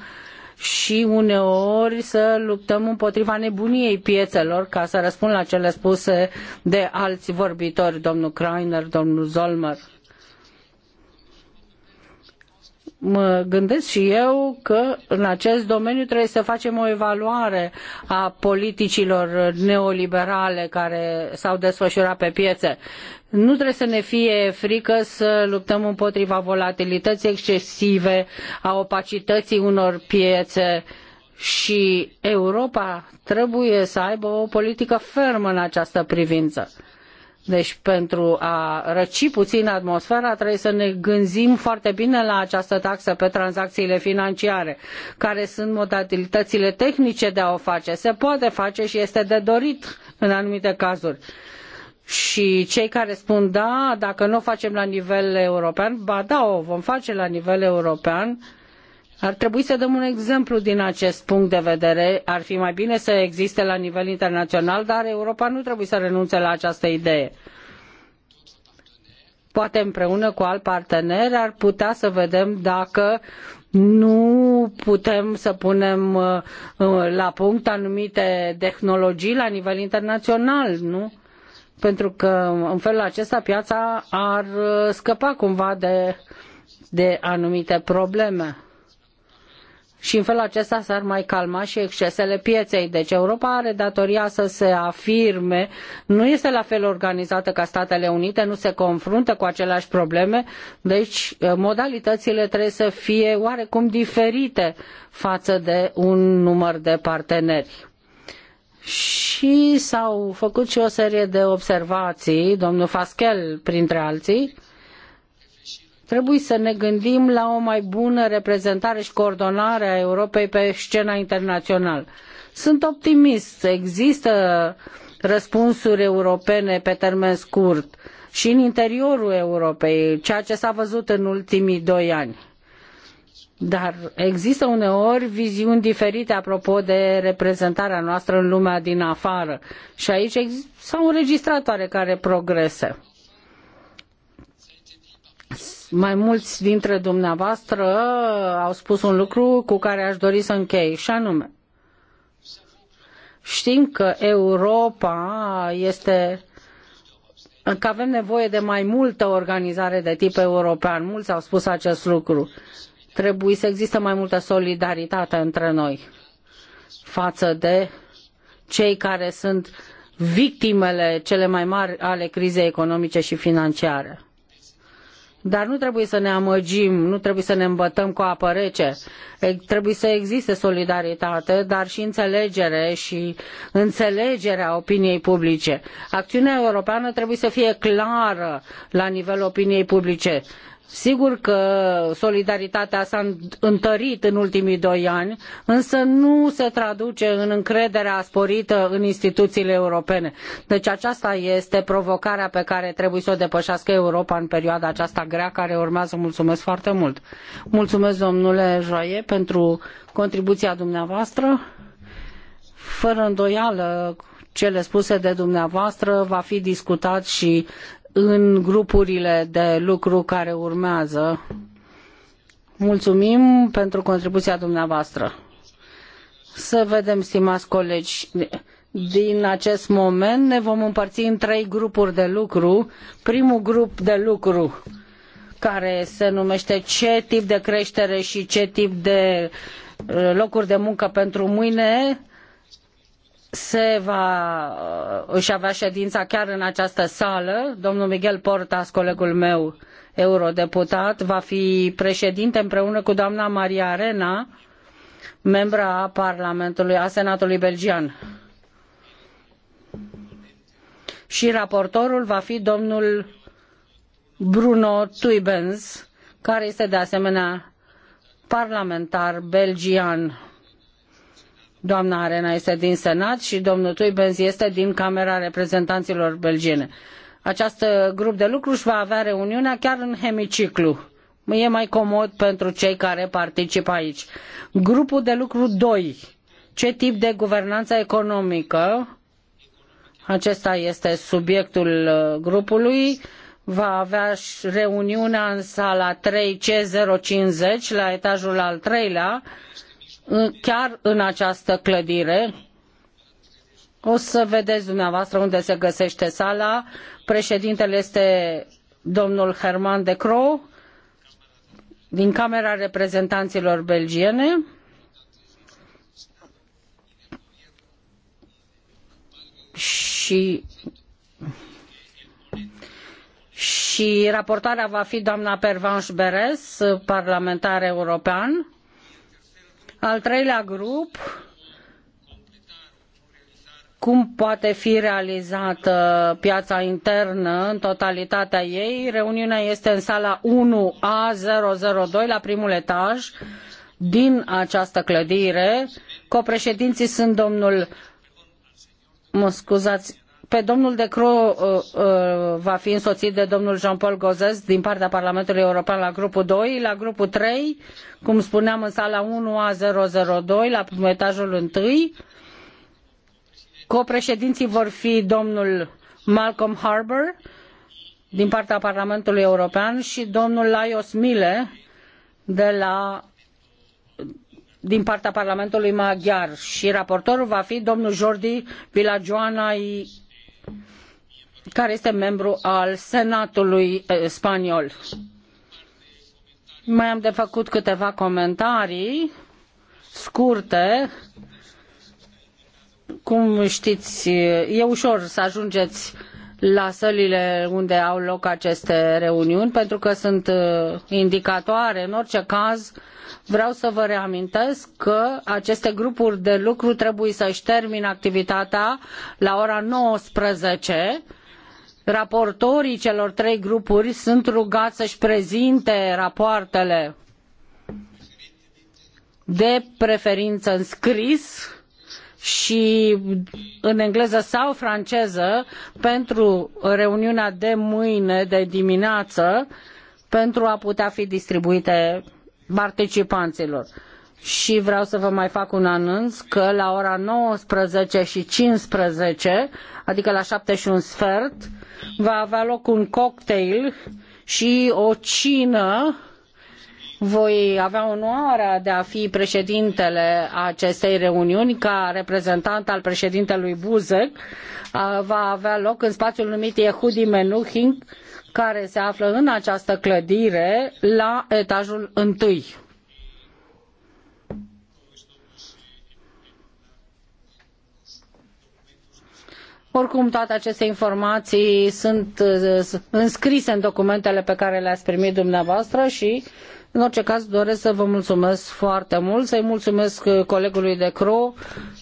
și uneori să luptăm împotriva nebuniei piețelor, ca să răspund la cele spuse de alți vorbitori, domnul Kreiner, domnul Zolmer. Mă gândesc și eu că în acest domeniu trebuie să facem o evaluare a politicilor neoliberale care s-au desfășurat pe piețe nu trebuie să ne fie frică să luptăm împotriva volatilității excesive, a opacității unor piețe și Europa trebuie să aibă o politică fermă în această privință. Deci pentru a răci puțin atmosfera trebuie să ne gândim foarte bine la această taxă pe tranzacțiile financiare, care sunt modalitățile tehnice de a o face. Se poate face și este de dorit în anumite cazuri. Și cei care spun da, dacă nu o facem la nivel european, ba da, o vom face la nivel european, ar trebui să dăm un exemplu din acest punct de vedere. Ar fi mai bine să existe la nivel internațional, dar Europa nu trebuie să renunțe la această idee. Poate împreună cu alt partener ar putea să vedem dacă nu putem să punem uh, la punct anumite tehnologii la nivel internațional, nu? pentru că în felul acesta piața ar uh, scăpa cumva de, de anumite probleme. Și în felul acesta s-ar mai calma și excesele pieței. Deci Europa are datoria să se afirme, nu este la fel organizată ca Statele Unite, nu se confruntă cu aceleași probleme, deci uh, modalitățile trebuie să fie oarecum diferite față de un număr de parteneri și s-au făcut și o serie de observații, domnul Faschel printre alții, trebuie să ne gândim la o mai bună reprezentare și coordonare a Europei pe scena internațională. Sunt optimist, există răspunsuri europene pe termen scurt și în interiorul Europei, ceea ce s-a văzut în ultimii doi ani. Dar există uneori viziuni diferite apropo de reprezentarea noastră în lumea din afară. Și aici s-au înregistrat oarecare progrese. Mai mulți dintre dumneavoastră au spus un lucru cu care aș dori să închei, și anume, știm că Europa este că avem nevoie de mai multă organizare de tip european. Mulți au spus acest lucru. Trebuie să existe mai multă solidaritate între noi față de cei care sunt victimele cele mai mari ale crizei economice și financiare. Dar nu trebuie să ne amăgim, nu trebuie să ne îmbătăm cu apă rece. Trebuie să existe solidaritate, dar și înțelegere și înțelegerea opiniei publice. Acțiunea europeană trebuie să fie clară la nivelul opiniei publice. Sigur că solidaritatea s-a întărit în ultimii doi ani, însă nu se traduce în încrederea sporită în instituțiile europene. Deci aceasta este provocarea pe care trebuie să o depășească Europa în perioada aceasta grea care urmează. Mulțumesc foarte mult. Mulțumesc, domnule Joie, pentru contribuția dumneavoastră. Fără îndoială, cele spuse de dumneavoastră va fi discutat și în grupurile de lucru care urmează. Mulțumim pentru contribuția dumneavoastră. Să vedem, stimați colegi, din acest moment ne vom împărți în trei grupuri de lucru. Primul grup de lucru care se numește ce tip de creștere și ce tip de uh, locuri de muncă pentru mâine se va uh, își avea ședința chiar în această sală. Domnul Miguel Portas, colegul meu eurodeputat, va fi președinte împreună cu doamna Maria Arena, membra a Parlamentului, a Senatului Belgian. Și raportorul va fi domnul Bruno Tuibens, care este de asemenea parlamentar belgian Doamna Arena este din Senat și domnul Tuibens este din Camera Reprezentanților Belgiene. Acest grup de lucru își va avea reuniunea chiar în hemiciclu. E mai comod pentru cei care participă aici. Grupul de lucru doi. Ce tip de guvernanță economică? Acesta este subiectul uh, grupului va avea reuniunea în sala 3C050 la etajul al treilea chiar în această clădire. O să vedeți dumneavoastră unde se găsește sala. Președintele este domnul Herman de Croo din Camera Reprezentanților Belgiene. Și și raportarea va fi doamna Pervanș Beres, parlamentar european al treilea grup, cum poate fi realizată piața internă în totalitatea ei. Reuniunea este în sala 1A002 la primul etaj din această clădire. Copreședinții sunt domnul Mă scuzați, pe domnul De Cro uh, uh, va fi însoțit de domnul Jean-Paul Gozes din partea Parlamentului European la grupul 2, la grupul 3, cum spuneam în sala 1A002, la etajul 1. Copreședinții vor fi domnul Malcolm Harbour din partea Parlamentului European și domnul Laios Mile de la din partea Parlamentului Maghiar și raportorul va fi domnul Jordi Villajoana care este membru al Senatului eh, spaniol. Mai am de făcut câteva comentarii scurte. Cum știți, eh, e ușor să ajungeți uh, la sălile unde au loc aceste reuniuni, pentru că sunt uh, indicatoare. În orice caz, vreau să vă reamintesc că aceste grupuri de lucru trebuie să-și termin activitatea la ora 19. Raportorii celor trei grupuri sunt rugați să-și prezinte rapoartele de preferință în scris și în engleză sau franceză pentru reuniunea de mâine de dimineață pentru a putea fi distribuite participanților. Și vreau să vă mai fac un anunț că la ora 19 și 15, adică la 7 și un sfert, va avea loc un cocktail și o cină voi avea onoarea de a fi președintele acestei reuniuni ca reprezentant al președintelui Buzek. Va avea loc în spațiul numit Yehudi Menuhin, care se află în această clădire la etajul întâi. Oricum, toate aceste informații sunt uh, înscrise în documentele pe care le-ați primit dumneavoastră și în orice caz doresc să vă mulțumesc foarte mult, să-i mulțumesc colegului de Cro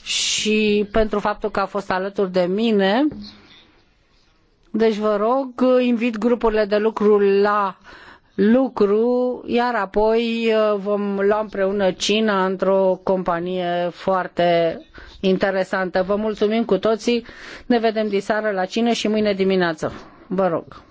și pentru faptul că a fost alături de mine. Deci vă rog, invit grupurile de lucru la lucru, iar apoi vom lua împreună cina într-o companie foarte interesantă. Vă mulțumim cu toții, ne vedem diseară la cină și mâine dimineață. Vă rog.